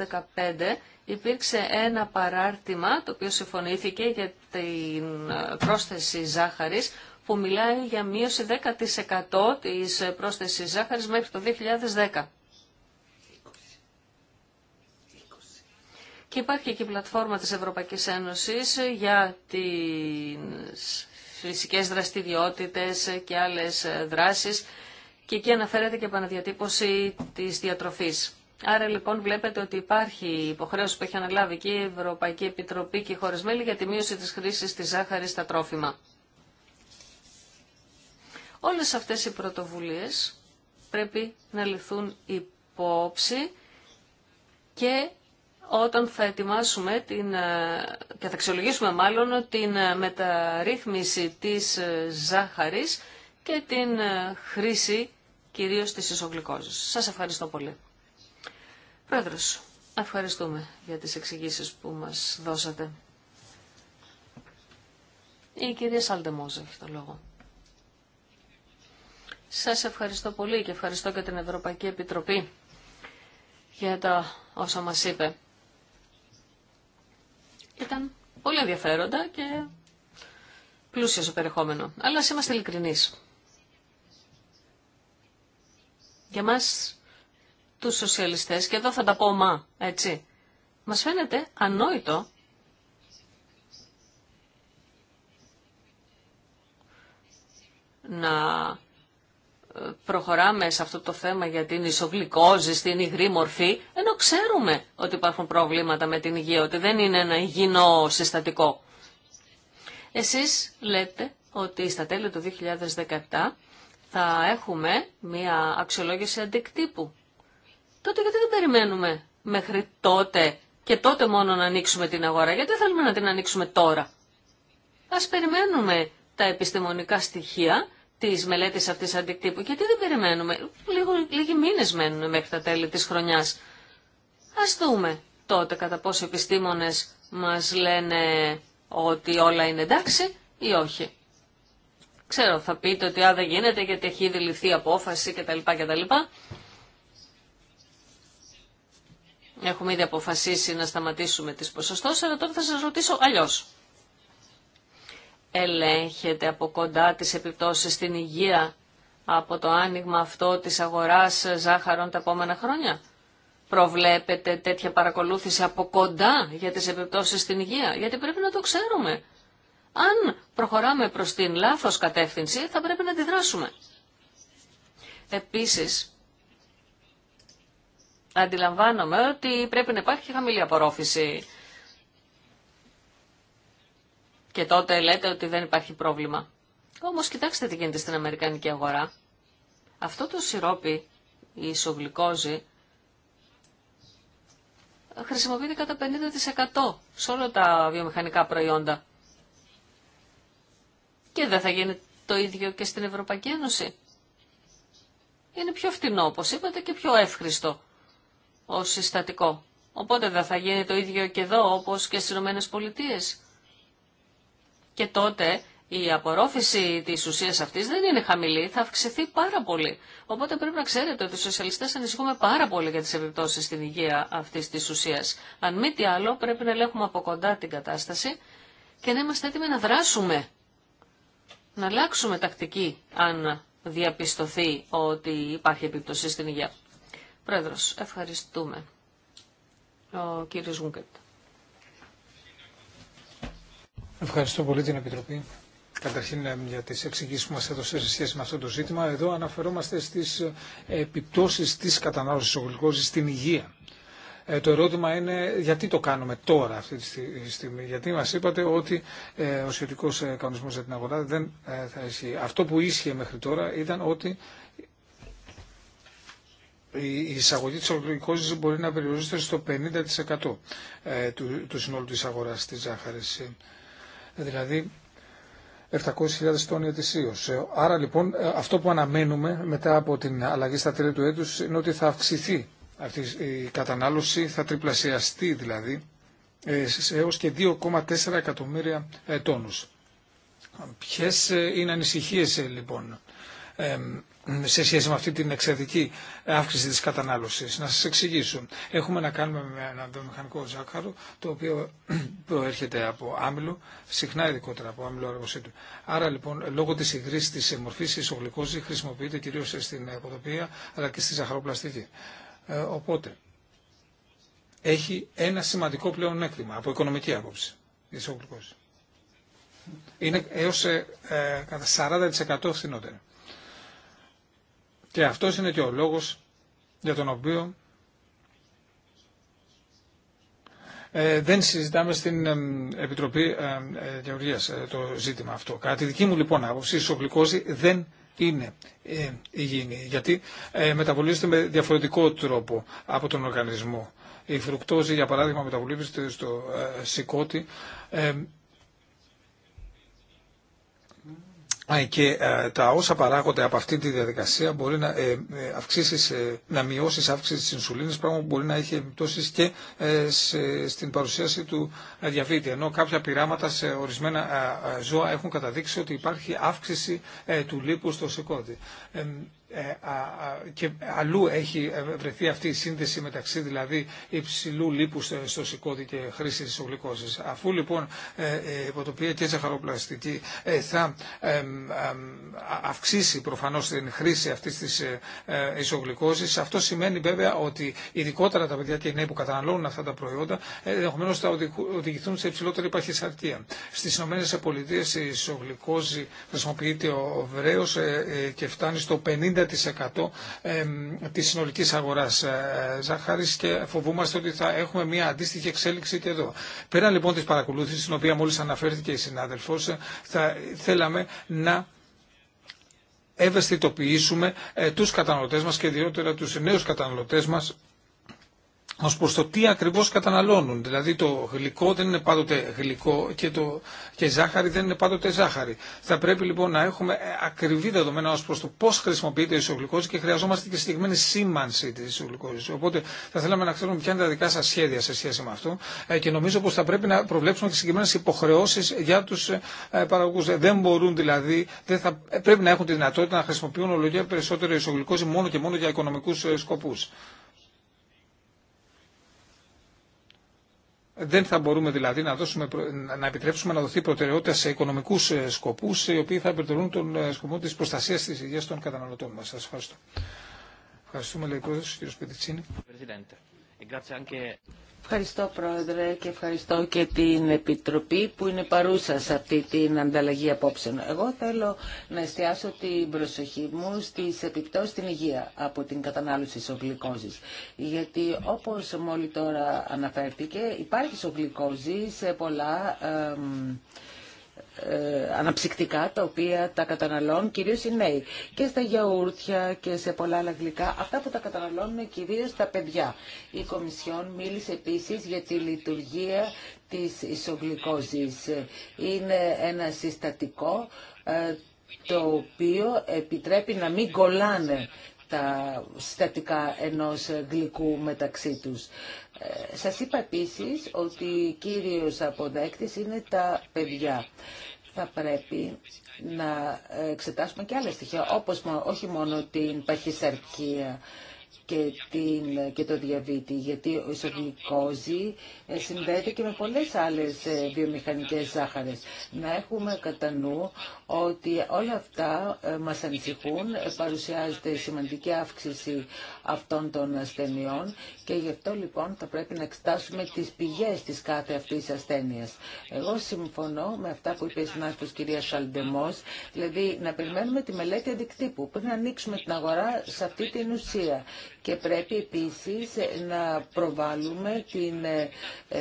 2015 υπήρξε ένα παράρτημα το οποίο συμφωνήθηκε για την ε, πρόσθεση ζάχαρης που μιλάει για μείωση 10% της πρόσθεσης ζάχαρης μέχρι το 2010. Και υπάρχει και η πλατφόρμα της Ευρωπαϊκής Ένωσης για τις φυσικές δραστηριότητες και άλλες ε, δράσεις και εκεί αναφέρεται και επαναδιατύπωση της διατροφής. Άρα λοιπόν βλέπετε ότι υπάρχει υποχρέωση που έχει αναλάβει και η Ευρωπαϊκή Επιτροπή και οι χώρες μέλη για τη μείωση της χρήσης της ζάχαρης στα τρόφιμα. Όλες αυτές οι πρωτοβουλίες πρέπει να ληφθούν υπόψη και όταν θα ετοιμάσουμε την, ε, και θα αξιολογήσουμε μάλλον την ε, μεταρρύθμιση της ε, ζάχαρης και την χρήση κυρίως της ισογλυκόζης. Σας ευχαριστώ πολύ. Πρόεδρος, ευχαριστούμε για τις εξηγήσει που μας δώσατε. Η κυρία Σαλτεμόζα έχει το λόγο. Σας ευχαριστώ πολύ και ευχαριστώ και την Ευρωπαϊκή Επιτροπή για τα όσα μας είπε. Ήταν πολύ ενδιαφέροντα και πλούσιο στο περιεχόμενο. Αλλά είμαστε ειλικρινείς. Για μας τους σοσιαλιστές, και εδώ θα τα πω μα, έτσι, μας φαίνεται ανόητο να ε, προχωράμε σε αυτό το θέμα για την ισογλυκόζη στην υγρή μορφή, ενώ ξέρουμε ότι υπάρχουν προβλήματα με την υγεία, ότι δεν είναι ένα υγιεινό συστατικό. Εσείς λέτε ότι στα τέλη του 2017 θα έχουμε μία αξιολόγηση αντικτύπου. Τότε γιατί δεν περιμένουμε μέχρι τότε και τότε μόνο να ανοίξουμε την αγορά. Γιατί θέλουμε να την ανοίξουμε τώρα. Ας περιμένουμε τα επιστημονικά στοιχεία της μελέτης αυτής αντικτύπου. Γιατί δεν περιμένουμε. Λίγο, λίγοι μήνες μένουν μέχρι τα τέλη της χρονιάς. Ας δούμε τότε κατά πόσο επιστήμονες μας λένε ότι όλα είναι εντάξει ή όχι. Ξέρω, θα πείτε ότι αν δεν γίνεται γιατί έχει ήδη ληφθεί απόφαση κτλ. κτλ. Έχουμε ήδη αποφασίσει να σταματήσουμε τις ποσοστώσεις, αλλά τώρα θα σας ρωτήσω αλλιώς. Ελέγχετε από κοντά τις επιπτώσεις στην υγεία από το άνοιγμα αυτό της αγοράς ζάχαρων τα επόμενα χρόνια. Προβλέπετε τέτοια παρακολούθηση από κοντά για τις επιπτώσεις στην υγεία, γιατί πρέπει να το ξέρουμε. Αν προχωράμε προς την λάθος κατεύθυνση, θα πρέπει να αντιδράσουμε. Επίσης, αντιλαμβάνομαι ότι πρέπει να υπάρχει χαμηλή απορρόφηση. Και τότε λέτε ότι δεν υπάρχει πρόβλημα. Όμως κοιτάξτε τι γίνεται στην Αμερικανική αγορά. Αυτό το σιρόπι, η ισογλυκόζη, χρησιμοποιείται κατά 50% σε όλα τα βιομηχανικά προϊόντα. Και δεν θα γίνει το ίδιο και στην Ευρωπαϊκή Ένωση. Είναι πιο φτηνό, όπως είπατε, και πιο εύχριστο ω συστατικό. Οπότε δεν θα γίνει το ίδιο και εδώ, όπως και στις Ηνωμένες Πολιτείες. Και τότε η απορρόφηση της ουσίας αυτής δεν είναι χαμηλή, θα αυξηθεί πάρα πολύ. Οπότε πρέπει να ξέρετε ότι οι σοσιαλιστές ανησυχούμε πάρα πολύ για τις επιπτώσεις στην υγεία αυτής της ουσίας. Αν μη τι άλλο, πρέπει να ελέγχουμε από κοντά την κατάσταση και να είμαστε έτοιμοι να δράσουμε να αλλάξουμε τακτική αν διαπιστωθεί ότι υπάρχει επίπτωση στην υγεία. Πρόεδρος, ευχαριστούμε. Ο κύριος Γούγκετ. Ευχαριστώ πολύ την Επιτροπή. Καταρχήν ε, για τις εξηγήσεις που μας έδωσε σε σχέση με αυτό το ζήτημα. Εδώ αναφερόμαστε στις ε, επιπτώσεις της κατανάλωσης γλυκόζης στην υγεία ε, το ερώτημα είναι γιατί το κάνουμε τώρα αυτή τη στιγμή. Γιατί μας είπατε ότι ε, ο σχετικός ε, κανονισμός για την αγορά δεν θα ισχύει. Αυτό που ίσχυε μέχρι τώρα ήταν ότι η εισαγωγή της ολοκληρικής μπορεί να περιορίζεται στο 50% του, του συνόλου της αγοράς της ζάχαρης. Δηλαδή 700.000 τόνοι ετησίω. Άρα λοιπόν αυτό που αναμένουμε μετά από την αλλαγή στα τέλη του έτους είναι ότι θα αυξηθεί αυτή η κατανάλωση θα τριπλασιαστεί δηλαδή έω ε, έως και 2,4 εκατομμύρια ε, τόνου. Ποιες ε, είναι ανησυχίες λοιπόν σε σχέση με αυτή την εξαιρετική αύξηση της κατανάλωσης. Να σας εξηγήσω. Έχουμε να κάνουμε με ένα βιομηχανικό ζάχαρο, το οποίο προέρχεται από άμυλο, συχνά ειδικότερα από άμυλο αργοσύντου. Άρα λοιπόν, λόγω της υγρής της μορφής, η ισογλυκόζη χρησιμοποιείται κυρίως στην ποτοπία, αλλά και στη ζαχαροπλαστική. Ε, οπότε έχει ένα σημαντικό πλεονέκτημα από οικονομική άποψη. Ισοπλικός. Είναι έως ε, ε, κατά 40% φθηνότερο. Και αυτός είναι και ο λόγος για τον οποίο δεν συζητάμε στην Επιτροπή ε, το ζήτημα αυτό. Κατά τη δική μου λοιπόν άποψη, η δεν είναι ε, υγιεινή, γιατί ε, μεταβολίζεται με διαφορετικό τρόπο από τον οργανισμό. Η φρουκτόζη, για παράδειγμα, μεταβολίζεται στο ε, σηκώτη και ε, τα όσα παράγονται από αυτή τη διαδικασία μπορεί να, ε, ε, αυξήσεις, να μειώσεις αύξηση της ινσουλίνης, πράγμα που μπορεί να έχει επιπτώσεις και στην παρουσίαση του διαβήτη. Ενώ κάποια πειράματα σε ορισμένα ζώα έχουν καταδείξει ότι υπάρχει αύξηση του λίπους στο σηκώδη. Ε, και αλλού έχει ε, βρεθεί αυτή η σύνδεση μεταξύ δηλαδή υψηλού λίπου στο σηκώδη και χρήση της γλυκόζης. Αφού λοιπόν ε, η υποτοπία και ζαχαροπλαστική θα αυξήσει προφανώς την χρήση αυτής της ισογλυκόζης, αυτό σημαίνει βέβαια ότι ειδικότερα τα παιδιά και οι νέοι που καταναλώνουν αυτά τα προϊόντα ενδεχομένω θα οδηγηθούν σε υψηλότερη παχυσαρκία. Στις ΗΠΑ η ισογλυκόζη χρησιμοποιείται ο Βρέο και φτάνει στο 50 Τη της συνολικής αγοράς ε, ζάχαρης και φοβούμαστε ότι θα έχουμε μια αντίστοιχη εξέλιξη και εδώ. Πέρα λοιπόν της παρακολούθησης, στην οποία μόλις αναφέρθηκε η συνάδελφος, ε, θα θέλαμε να ευαισθητοποιήσουμε ε, τους καταναλωτές μας και ιδιότερα τους νέους καταναλωτές μας ως προς το τι ακριβώς καταναλώνουν. Δηλαδή το γλυκό δεν είναι πάντοτε γλυκό και, το, και ζάχαρη δεν είναι πάντοτε ζάχαρη. Θα πρέπει λοιπόν να έχουμε ε, ακριβή δεδομένα ως προς το πώς χρησιμοποιείται η ισογλυκόζη και χρειαζόμαστε και συγκεκριμένη σήμανση της ισογλυκόζης. Οπότε θα θέλαμε να ξέρουμε ποια είναι τα δικά σας σχέδια σε σχέση με αυτό ε, και νομίζω πως θα πρέπει να προβλέψουμε και συγκεκριμένες υποχρεώσεις για τους ε, παραγωγούς. Δεν μπορούν δηλαδή, δεν θα, πρέπει να έχουν τη δυνατότητα να χρησιμοποιούν ολογία περισσότερο ισογλυκόζη μόνο και μόνο για οικονομικούς σκοπούς. Δεν θα μπορούμε δηλαδή να, επιτρέψουμε να δοθεί προτεραιότητα σε οικονομικού ε, σκοπού, οι οποίοι θα επιτελούν τον ε, σκοπό τη προστασία τη υγεία των καταναλωτών μα. Σα ευχαριστώ. Ευχαριστούμε, λέει ο κ. Πετιτσίνη. Ευχαριστώ Πρόεδρε και ευχαριστώ και την Επιτροπή που είναι παρούσα σε αυτή την ανταλλαγή απόψεων. Εγώ θέλω να εστιάσω την προσοχή μου στις επιπτώσεις στην υγεία από την κατανάλωση σογλυκόζης. Γιατί όπως μόλι τώρα αναφέρθηκε υπάρχει ισογλυκόζη σε πολλά... Ε, αναψυκτικά τα οποία τα καταναλώνουν κυρίως οι νέοι και στα γιαούρτια και σε πολλά άλλα γλυκά αυτά που τα καταναλώνουν κυρίως τα παιδιά η Κομισιόν μίλησε επίσης για τη λειτουργία της ισογλυκόζης είναι ένα συστατικό ε, το οποίο επιτρέπει να μην κολλάνε τα συστατικά ενός γλυκού μεταξύ τους. Σα ε, σας είπα επίσης ότι κύριος αποδέκτης είναι τα παιδιά θα πρέπει να εξετάσουμε και άλλα στοιχεία, όπως όχι μόνο την παχυσαρκία, και, την, και το διαβήτη, γιατί ο ισογλυκόζη ε, συνδέεται και με πολλές άλλες ε, βιομηχανικές ζάχαρες. Να έχουμε κατά νου ότι όλα αυτά ε, μας ανησυχούν, παρουσιάζεται σημαντική αύξηση αυτών των ασθενειών και γι' αυτό λοιπόν θα πρέπει να εξετάσουμε τις πηγές της κάθε αυτής ασθένειας. Εγώ συμφωνώ με αυτά που είπε η συνάδελφος κυρία Σαλντεμός, δηλαδή να περιμένουμε τη μελέτη αντικτύπου πριν ανοίξουμε την αγορά σε αυτή την ουσία και πρέπει επίσης να προβάλλουμε την ε,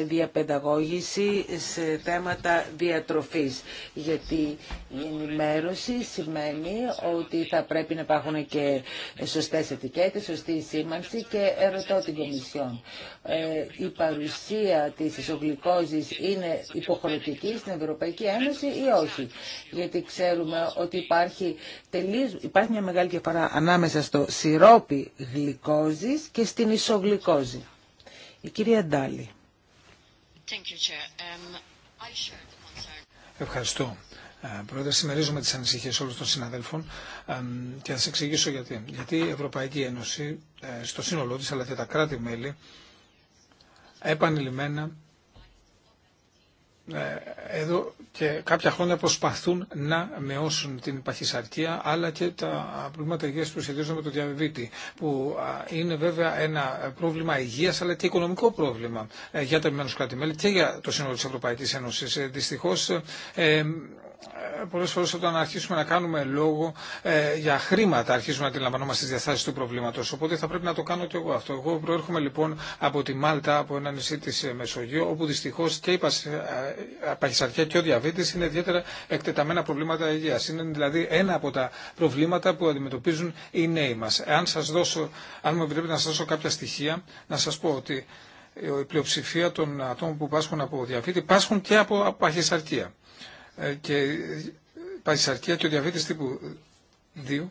διαπαιδαγώγηση σε θέματα διατροφής γιατί η ενημέρωση σημαίνει ότι θα πρέπει να υπάρχουν και σωστές ετικέτες, σωστή σήμανση και ερωτώ την Κομισιόν. Ε, η παρουσία της ισογλυκόζης είναι υποχρεωτική στην Ευρωπαϊκή Ένωση ή όχι. Γιατί ξέρουμε ότι υπάρχει, μια μεγάλη διαφορά ανάμεσα στο σιρόπι γλυκό και στην ισογλυκόζη. Η κυρία Ντάλη. Um, Ευχαριστώ. Ε, πρόεδρε, συμμερίζομαι τις ανησυχίες όλων των συναδέλφων και θα σα εξηγήσω γιατί. Γιατί η Ευρωπαϊκή Ένωση ε, στο σύνολό της, αλλά και τα κράτη-μέλη, επανειλημμένα ε, εδώ και κάποια χρόνια προσπαθούν να μεώσουν την παχυσαρκία αλλά και τα προβλήματα υγείας που σχετίζονται με το διαβήτη που είναι βέβαια ένα πρόβλημα υγείας αλλά και οικονομικό πρόβλημα ε, για τα επιμέρους κράτη-μέλη και για το σύνολο της Ευρωπαϊκής Ένωσης. Ε, δυστυχώς ε, πολλές φορές όταν αρχίσουμε να κάνουμε λόγο ε, για χρήματα αρχίζουμε να αντιλαμβανόμαστε τις διαστάσεις του προβλήματος. Οπότε θα πρέπει να το κάνω και εγώ αυτό. Εγώ προέρχομαι λοιπόν από τη Μάλτα, από ένα νησί της ε, Μεσογείου, όπου δυστυχώς και η παχυσαρκία και ο διαβήτης είναι ιδιαίτερα εκτεταμένα προβλήματα υγείας. Είναι δηλαδή ένα από τα προβλήματα που αντιμετωπίζουν οι νέοι μας. Αν, σας αν μου επιτρέπετε να σας δώσω κάποια στοιχεία, να σας πω ότι η πλειοψηφία των ατόμων που πάσχουν από διαβήτη πάσχουν και από παχυσαρκία. Ε, και παχυσαρκία και ο διαβήτης τύπου 2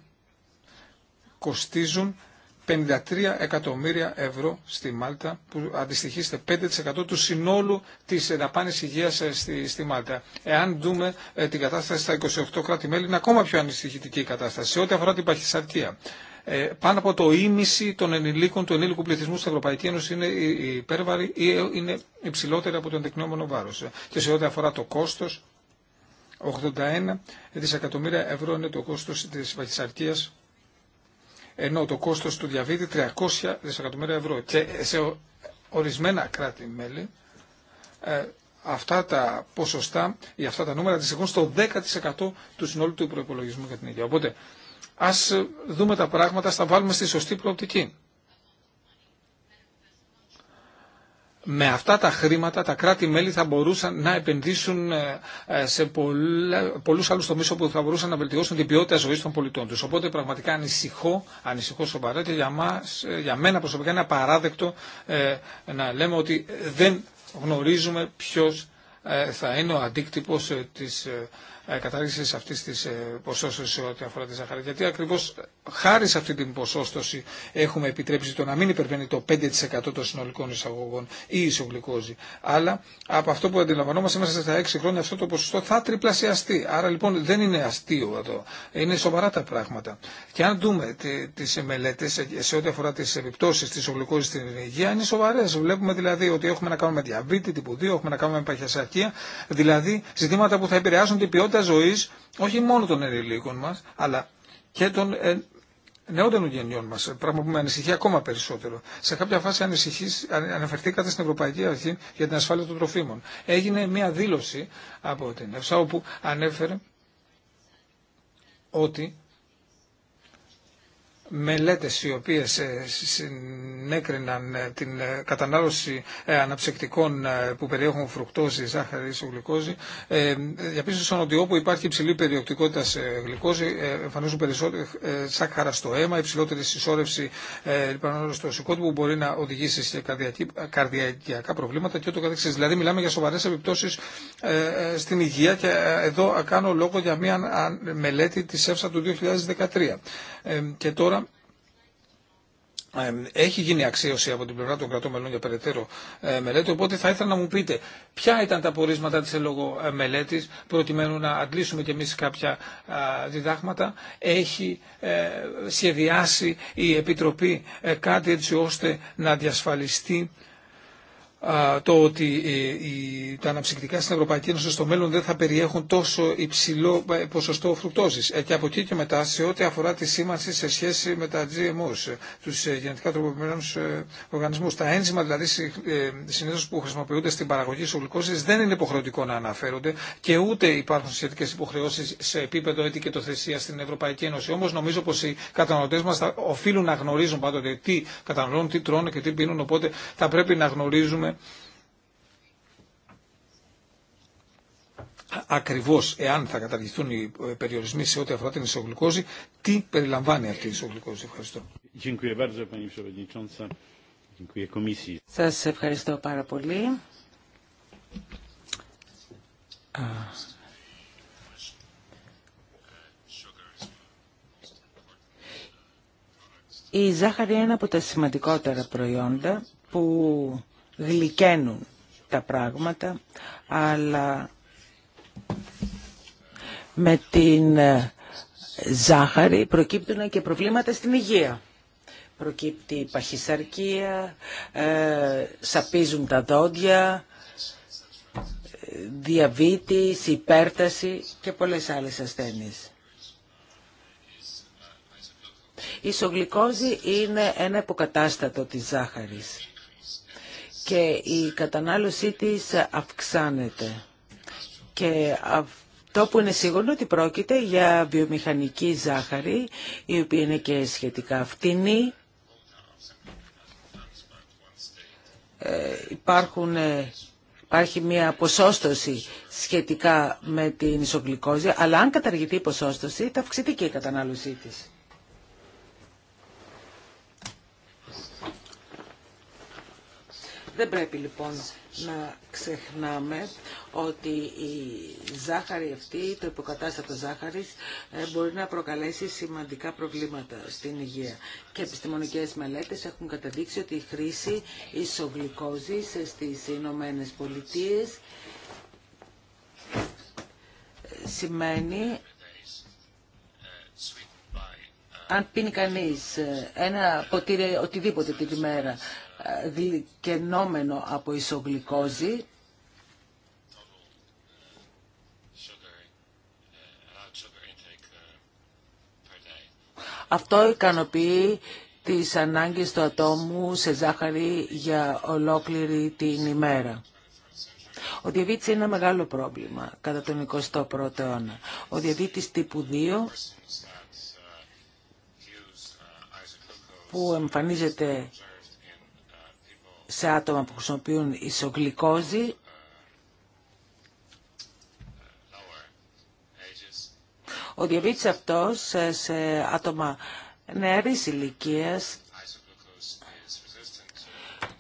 κοστίζουν 53 εκατομμύρια ευρώ στη Μάλτα, που αντιστοιχεί στο 5% του συνόλου της δαπάνη υγείας ε, στη, Μάλτα. Εάν δούμε ε, την κατάσταση στα 28 κράτη-μέλη, είναι ακόμα πιο ανησυχητική η κατάσταση σε ό,τι αφορά την παχυσαρκία. Ε, πάνω από το ίμιση των ενηλίκων του ενήλικου πληθυσμού στην Ευρωπαϊκή Ένωση είναι υπέρβαρη ή είναι υψηλότερη από τον τεκνόμενο βάρο. Και σε ό,τι αφορά το κόστο, 81 δισεκατομμύρια ευρώ είναι το κόστος της βαχυσαρκίας ενώ το κόστος του διαβήτη 300 δισεκατομμύρια ευρώ. Και σε ορισμένα κράτη-μέλη ε, αυτά τα ποσοστά ή αυτά τα νούμερα αντιστοιχούν στο 10% του συνόλου του προπολογισμού για την υγεία. Οπότε ας δούμε τα πράγματα, ας τα βάλουμε στη σωστή προοπτική. με αυτά τα χρήματα τα κράτη-μέλη θα μπορούσαν να επενδύσουν ε, ε, σε πολλούς άλλους τομείς όπου θα μπορούσαν να βελτιώσουν την ποιότητα ζωής των πολιτών τους. Οπότε πραγματικά ανησυχώ, ανησυχώ σοβαρά και για, μας, για μένα προσωπικά είναι απαράδεκτο ε, να λέμε ότι δεν γνωρίζουμε ποιος θα είναι ο αντίκτυπος της ε, κατάργησης αυτής της ε, ποσόστοσης σε ό,τι αφορά τη ζάχαρη. Γιατί ακριβώ χάρη σε αυτή την ποσόστοση έχουμε επιτρέψει το να μην υπερβαίνει το 5% των συνολικών εισαγωγών ή ισογλυκόζη. Αλλά από αυτό που αντιλαμβανόμαστε μέσα στα 6 χρόνια αυτό το ποσοστό θα τριπλασιαστεί. Άρα λοιπόν δεν είναι αστείο εδώ. Είναι σοβαρά τα πράγματα. Και αν δούμε τις μελέτες σε ό,τι αφορά τις επιπτώσεις της ισογλυκόζης στην υγεία είναι σοβαρές. Βλέπουμε δηλαδή ότι έχουμε να κάνουμε διαβήτη τύπου 2, έχουμε να κάνουμε παχιασαρκία, δηλαδή ζητήματα που θα επηρεάσουν την ποιότητα ποιότητα ζωή όχι μόνο των ενηλίκων μα, αλλά και των ε, νεότερων γενιών μας, πράγμα που με ανησυχεί ακόμα περισσότερο. Σε κάποια φάση αναφερθήκατε στην Ευρωπαϊκή Αρχή για την ασφάλεια των τροφίμων. Έγινε μια δήλωση από την ΕΦΣΑ όπου ανέφερε ότι μελέτες οι οποίες ε, συνέκριναν ε, την ε, κατανάλωση αναψυκτικών που περιέχουν φρουκτόζη, ζάχαρη ή γλυκόζη διαπίστωσαν ότι όπου υπάρχει υψηλή περιοκτικότητα σε γλυκόζη εμφανίζουν περισσότερο ζάχαρα στο αίμα, υψηλότερη συσσόρευση λιπανόλου στο σηκώτη που μπορεί να οδηγήσει σε καρδιακά προβλήματα και ούτω καθεξής. Δηλαδή μιλάμε για σοβαρές επιπτώσεις στην υγεία και εδώ κάνω λόγο για μια μελέτη της ΕΦΣΑ του 2013 και τώρα έχει γίνει αξίωση από την πλευρά των κρατών μελών για περαιτέρω ε, μελέτη, οπότε θα ήθελα να μου πείτε ποια ήταν τα πορίσματα της ελόγω ε, μελέτης, προκειμένου να αντλήσουμε κι εμείς κάποια διδάγματα. Έχει ε, σχεδιάσει η Επιτροπή κάτι έτσι ώστε να διασφαλιστεί το ότι ε, τα αναψυκτικά στην Ευρωπαϊκή Ένωση στο μέλλον δεν θα περιέχουν τόσο υψηλό ε, ποσοστό φρουκτόζης. Ε, και από εκεί και μετά σε ό,τι αφορά τη σήμανση σε σχέση με τα GMOs, τους γενετικά τροποποιημένους οργανισμούς. Τα ένζημα δηλαδή συνήθω που χρησιμοποιούνται στην παραγωγή της δεν είναι υποχρεωτικό να αναφέρονται και ούτε υπάρχουν σχετικές υποχρεώσεις σε επίπεδο έτη και το στην Ευρωπαϊκή Ένωση. Όμω νομίζω πως οι καταναλωτές μας οφείλουν να γνωρίζουν πάντοτε τι καταναλώνουν, τι τρώνε και τι πίνουν, οπότε θα πρέπει να γνωρίζουμε ακριβώ εάν θα καταργηθούν οι ε, περιορισμοί σε ό,τι αφορά την ισογλυκόζη, τι περιλαμβάνει αυτή η ισογλυκόζη. Ευχαριστώ. Σα ευχαριστώ πάρα πολύ. Η ζάχαρη είναι ένα από τα σημαντικότερα προϊόντα που γλυκαίνουν τα πράγματα, αλλά με την ε, ζάχαρη προκύπτουν και προβλήματα στην υγεία. Προκύπτει παχυσαρκία, ε, σαπίζουν τα δόντια, διαβήτης, υπέρταση και πολλές άλλες ασθένειες. Η σογλυκόζη είναι ένα υποκατάστατο της ζάχαρης και η κατανάλωσή της αυξάνεται. Και αυτό που είναι σίγουρο ότι πρόκειται για βιομηχανική ζάχαρη, η οποία είναι και σχετικά φτηνή. Ε, υπάρχουν, ε, υπάρχει μια ποσόστοση σχετικά με την ισογλυκόζη, αλλά αν καταργηθεί η ποσόστοση θα αυξηθεί και η κατανάλωσή της. Δεν πρέπει λοιπόν να ξεχνάμε ότι η ζάχαρη αυτή, το υποκατάστατο ζάχαρης, ε, μπορεί να προκαλέσει σημαντικά προβλήματα στην υγεία. Και επιστημονικές μελέτες έχουν καταδείξει ότι η χρήση ισογλυκόζης στις Ηνωμένε Πολιτείε ε, σημαίνει αν πίνει κανείς ε, ένα ποτήρι οτιδήποτε την ημέρα κενόμενο από ισογλυκόζη Αυτό ικανοποιεί τις ανάγκες του ατόμου σε ζάχαρη για ολόκληρη την ημέρα. Ο διαβήτης είναι ένα μεγάλο πρόβλημα κατά τον 21ο αιώνα. Ο διαβήτης τύπου 2 που εμφανίζεται σε άτομα που χρησιμοποιούν ισογλυκόζη Ο διαβήτης αυτός σε άτομα νεαρής ηλικίας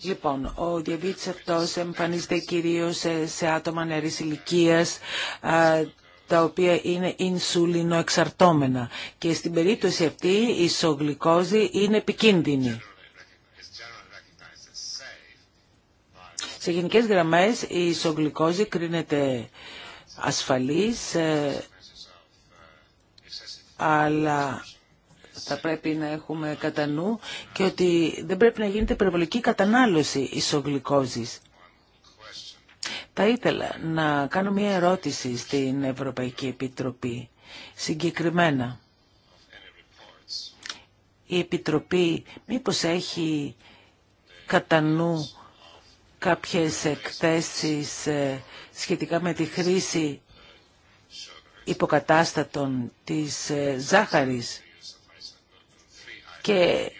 Λοιπόν, ο διαβήτης αυτός εμφανίζεται κυρίως σε, άτομα νεαρής ηλικίας τα οποία είναι ινσουλινοεξαρτώμενα και στην περίπτωση αυτή η ισογλυκόζη είναι επικίνδυνη. Σε γενικές γραμμές η ισογλυκόζη κρίνεται ασφαλής, ε, αλλά θα πρέπει να έχουμε κατά νου και ότι δεν πρέπει να γίνεται υπερβολική κατανάλωση ισογλυκόζης. Θα ήθελα να κάνω μια ερώτηση στην Ευρωπαϊκή Επιτροπή. Συγκεκριμένα, η Επιτροπή μήπως έχει κατά νου κάποιες εκθέσεις ε, σχετικά με τη χρήση υποκατάστατων της ε, ζάχαρης και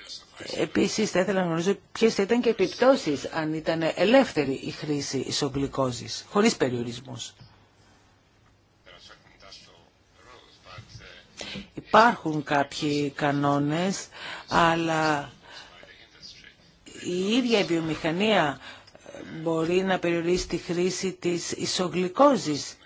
επίσης θα ήθελα να γνωρίζω ποιες θα ήταν και επιπτώσεις αν ήταν ελεύθερη η χρήση ισογλυκόζης, χωρίς περιορισμούς. Υπάρχουν κάποιοι κανόνες, αλλά η ίδια η βιομηχανία μπορεί να περιορίσει τη χρήση της ισογλυκόζης.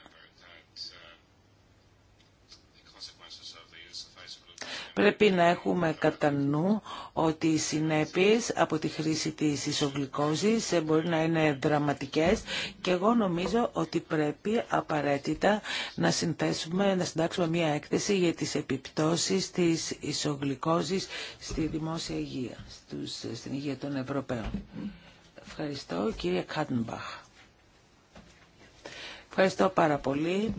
Πρέπει να έχουμε κατά νου ότι οι συνέπειες από τη χρήση της ισογλυκόζης μπορεί να είναι δραματικές και εγώ νομίζω ότι πρέπει απαραίτητα να, συνθέσουμε, να συντάξουμε μια έκθεση για τις επιπτώσεις της ισογλυκόζης στη δημόσια υγεία, στους, στην υγεία των Ευρωπαίων. Ευχαριστώ, κύριε Κάντμπαχ. Ευχαριστώ πάρα πολύ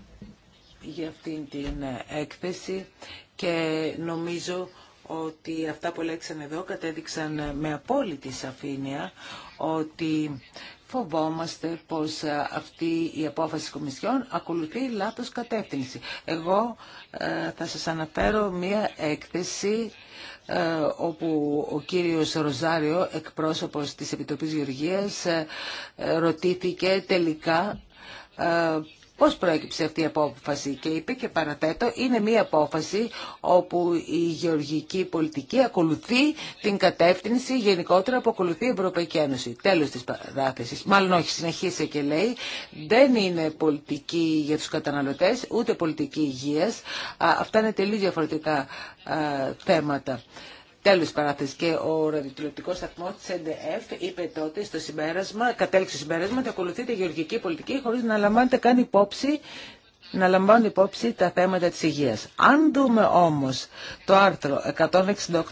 για αυτήν την έκθεση και νομίζω ότι αυτά που λέξανε εδώ κατέδειξαν με απόλυτη σαφήνεια ότι φοβόμαστε πως αυτή η απόφαση Κομισιόν ακολουθεί λάθος κατεύθυνση. Εγώ ε, θα σας αναφέρω μία έκθεση ε, όπου ο κύριος Ροζάριο, εκπρόσωπος της Επιτροπής Γεωργίας, ε, ρωτήθηκε τελικά ε, Πώς προέκυψε αυτή η απόφαση και είπε και παραθέτω είναι μια απόφαση όπου η γεωργική πολιτική ακολουθεί την κατεύθυνση γενικότερα που ακολουθεί η Ευρωπαϊκή Ένωση. Τέλος της παράθεσης. Μάλλον όχι, συνεχίσε και λέει δεν είναι πολιτική για τους καταναλωτές ούτε πολιτική υγείας. Αυτά είναι τελείως διαφορετικά θέματα. Τέλος παράθεση και ο ραδιοτηλεοπτικός σταθμός της NDF είπε τότε στο συμπέρασμα, κατέληξε στο συμπέρασμα ότι ακολουθείται γεωργική πολιτική χωρίς να λαμβάνεται καν υπόψη να λαμβάνουν υπόψη τα θέματα της υγείας. Αν δούμε όμως το άρθρο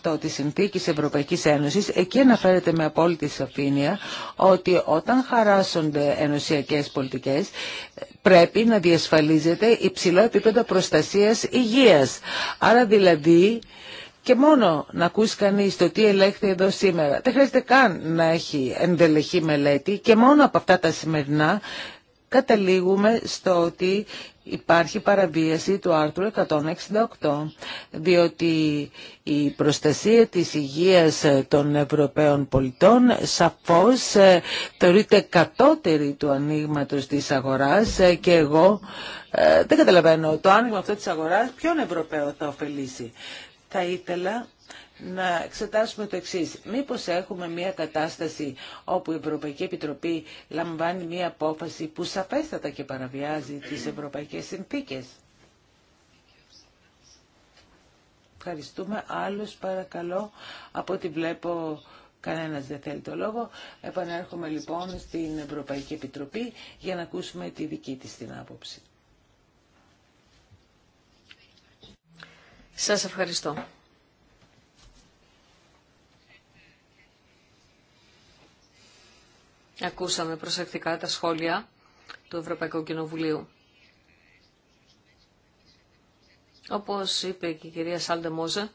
168 της Συνθήκης Ευρωπαϊκής Ένωσης, εκεί αναφέρεται με απόλυτη σαφήνεια ότι όταν χαράσσονται ενωσιακές πολιτικές, πρέπει να διασφαλίζεται υψηλό επίπεδο προστασίας υγείας. Άρα δηλαδή και μόνο να ακούσει κανείς το τι ελέγχεται εδώ σήμερα. Δεν χρειάζεται καν να έχει ενδελεχή μελέτη και μόνο από αυτά τα σημερινά καταλήγουμε στο ότι υπάρχει παραβίαση του άρθρου 168, διότι η προστασία της υγείας των Ευρωπαίων πολιτών σαφώς ε, θεωρείται κατώτερη του ανοίγματο της αγοράς ε, και εγώ ε, δεν καταλαβαίνω το άνοιγμα αυτό της αγοράς ποιον Ευρωπαίο θα ωφελήσει θα ήθελα να εξετάσουμε το εξή. Μήπω έχουμε μια κατάσταση όπου η Ευρωπαϊκή Επιτροπή λαμβάνει μια απόφαση που σαφέστατα και παραβιάζει τι ευρωπαϊκές συνθήκε. Ευχαριστούμε. άλλο παρακαλώ. Από ό,τι βλέπω κανένας δεν θέλει το λόγο. Επανέρχομαι λοιπόν στην Ευρωπαϊκή Επιτροπή για να ακούσουμε τη δική της την άποψη. Σας ευχαριστώ. Ακούσαμε προσεκτικά τα σχόλια του Ευρωπαϊκού Κοινοβουλίου. Όπως είπε και η κυρία Σάλντε Μόζε,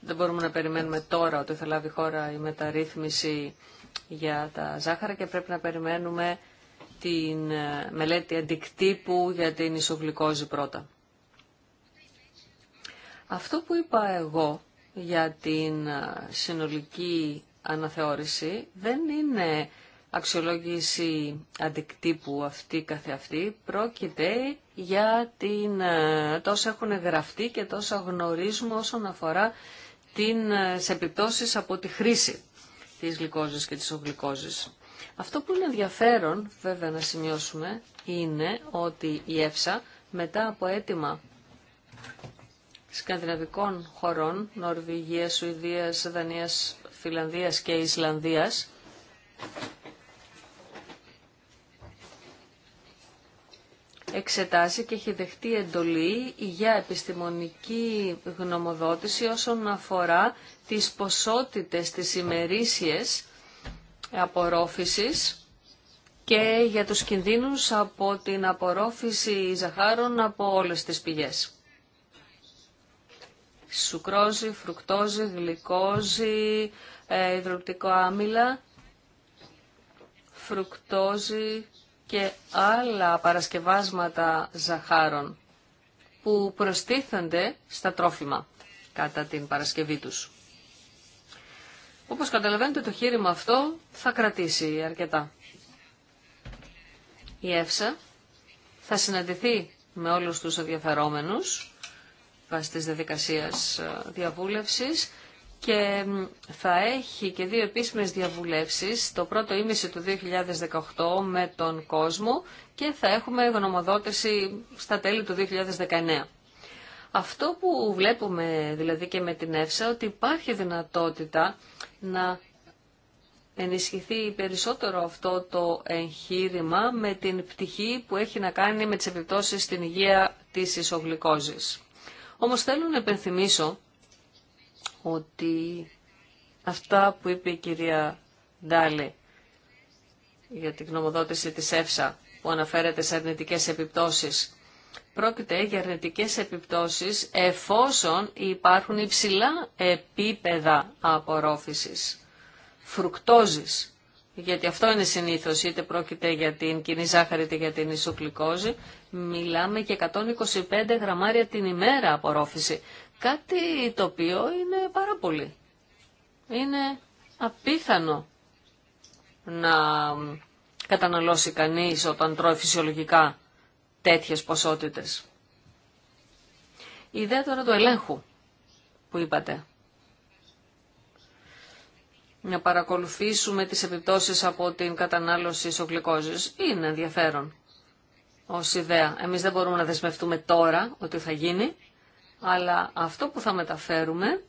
δεν μπορούμε να περιμένουμε τώρα ότι θα λάβει χώρα η μεταρρύθμιση για τα ζάχαρα και πρέπει να περιμένουμε την ε, μελέτη αντικτύπου για την ισογλυκόζη πρώτα. Αυτό που είπα εγώ για την ε, συνολική αναθεώρηση δεν είναι αξιολόγηση αντικτύπου αυτή καθεαυτή. Πρόκειται για την, ε, τόσα έχουν γραφτεί και τόσα γνωρίζουμε όσον αφορά την, επιπτώσεις από τη χρήση της γλυκόζης και της ογλυκόζης. Αυτό που είναι ενδιαφέρον βέβαια να σημειώσουμε είναι ότι η ΕΦΣΑ μετά από αίτημα σκανδιναβικών χωρών, Νορβηγίας, Σουηδίας, Δανίας, Φιλανδίας και Ισλανδίας, εξετάζει και έχει δεχτεί εντολή για επιστημονική γνωμοδότηση όσον αφορά τις ποσότητες της ημερήσιες απορρόφησης και για τους κινδύνους από την απορρόφηση ζαχάρων από όλες τις πηγές. Σουκρόζη, φρουκτόζη, γλυκόζη, ε, υδροπτικό άμυλα, φρουκτόζη και άλλα παρασκευάσματα ζαχάρων που προστίθενται στα τρόφιμα κατά την παρασκευή τους. Όπως καταλαβαίνετε το χείρημα αυτό θα κρατήσει αρκετά. Η ΕΦΣΑ θα συναντηθεί με όλους τους ενδιαφερόμενους βάσει της διαδικασίας ε, διαβούλευσης και θα έχει και δύο επίσημες διαβουλεύσεις το πρώτο ήμιση του 2018 με τον κόσμο και θα έχουμε γνωμοδότηση στα τέλη του 2019. Αυτό που βλέπουμε δηλαδή και με την ΕΦΣΑ ότι υπάρχει δυνατότητα να ενισχυθεί περισσότερο αυτό το εγχείρημα με την πτυχή που έχει να κάνει με τις επιπτώσεις στην υγεία της ισογλυκόζης. Όμως θέλω να επενθυμίσω ότι αυτά που είπε η κυρία Ντάλη για την γνωμοδότηση της ΕΦΣΑ που αναφέρεται σε αρνητικές επιπτώσεις πρόκειται για αρνητικές επιπτώσεις εφόσον υπάρχουν υψηλά επίπεδα απορρόφησης, φρουκτόζης. Γιατί αυτό είναι συνήθως, είτε πρόκειται για την κοινή ζάχαρη είτε για την ισοκλικόζη. Μιλάμε και 125 γραμμάρια την ημέρα απορρόφηση. Κάτι το οποίο είναι πάρα πολύ. Είναι απίθανο να καταναλώσει κανείς όταν τρώει φυσιολογικά τέτοιες ποσότητες. Η ιδέα τώρα του ελέγχου που είπατε. Να παρακολουθήσουμε τις επιπτώσεις από την κατανάλωση ισογλυκόζης. Είναι ενδιαφέρον ως ιδέα. Εμείς δεν μπορούμε να δεσμευτούμε τώρα ότι θα γίνει, αλλά αυτό που θα μεταφέρουμε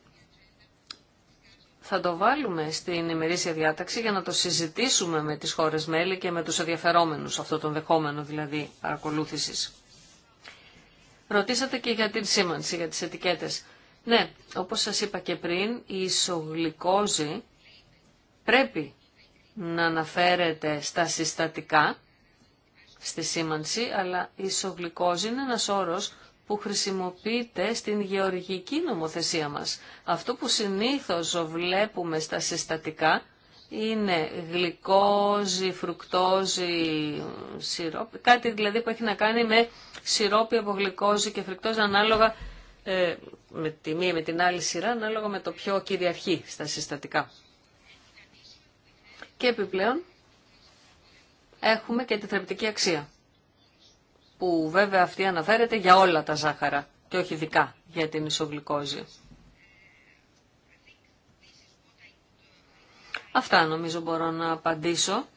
θα το βάλουμε στην ημερήσια διάταξη για να το συζητήσουμε με τις χώρες μέλη και με τους ενδιαφερόμενους, αυτό τον δεχόμενο δηλαδή παρακολούθησης. Ρωτήσατε και για την σήμανση, για τις ετικέτες. Ναι, όπως σας είπα και πριν, η ισογλυκόζη πρέπει να αναφέρεται στα συστατικά, στη σήμανση, αλλά η ισογλυκόζη είναι ένας όρος που χρησιμοποιείται στην γεωργική νομοθεσία μας. Αυτό που συνήθως βλέπουμε στα συστατικά είναι γλυκόζι, φρουκτόζι, σιρόπι, κάτι δηλαδή που έχει να κάνει με σιρόπι από γλυκόζι και φρουκτόζι ανάλογα ε, με τη μία με την άλλη σειρά, ανάλογα με το πιο κυριαρχεί στα συστατικά. Και επιπλέον έχουμε και τη θρεπτική αξία που βέβαια αυτή αναφέρεται για όλα τα ζάχαρα και όχι ειδικά για την ισογλυκόζη. Αυτά νομίζω μπορώ να απαντήσω.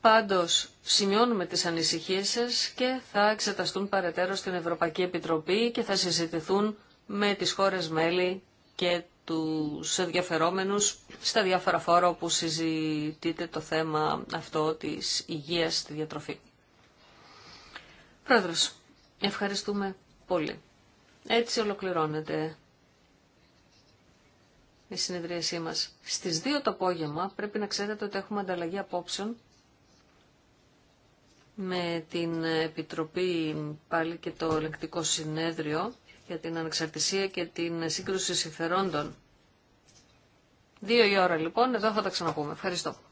Πάντως, σημειώνουμε τις ανησυχίες σας και θα εξεταστούν παρετέρω στην Ευρωπαϊκή Επιτροπή και θα συζητηθούν με τις χώρες μέλη και του ενδιαφερόμενους στα διάφορα φόρα όπου συζητείται το θέμα αυτό της υγείας στη διατροφή. Πρόεδρος, ευχαριστούμε πολύ. Έτσι ολοκληρώνεται η συνεδρίασή μας. Στις 2 το απόγευμα πρέπει να ξέρετε ότι έχουμε ανταλλαγή απόψεων με την Επιτροπή πάλι και το Ελεκτικό Συνέδριο για την ανεξαρτησία και την σύγκρουση συμφερόντων. Δύο η ώρα λοιπόν, εδώ θα τα ξαναπούμε. Ευχαριστώ.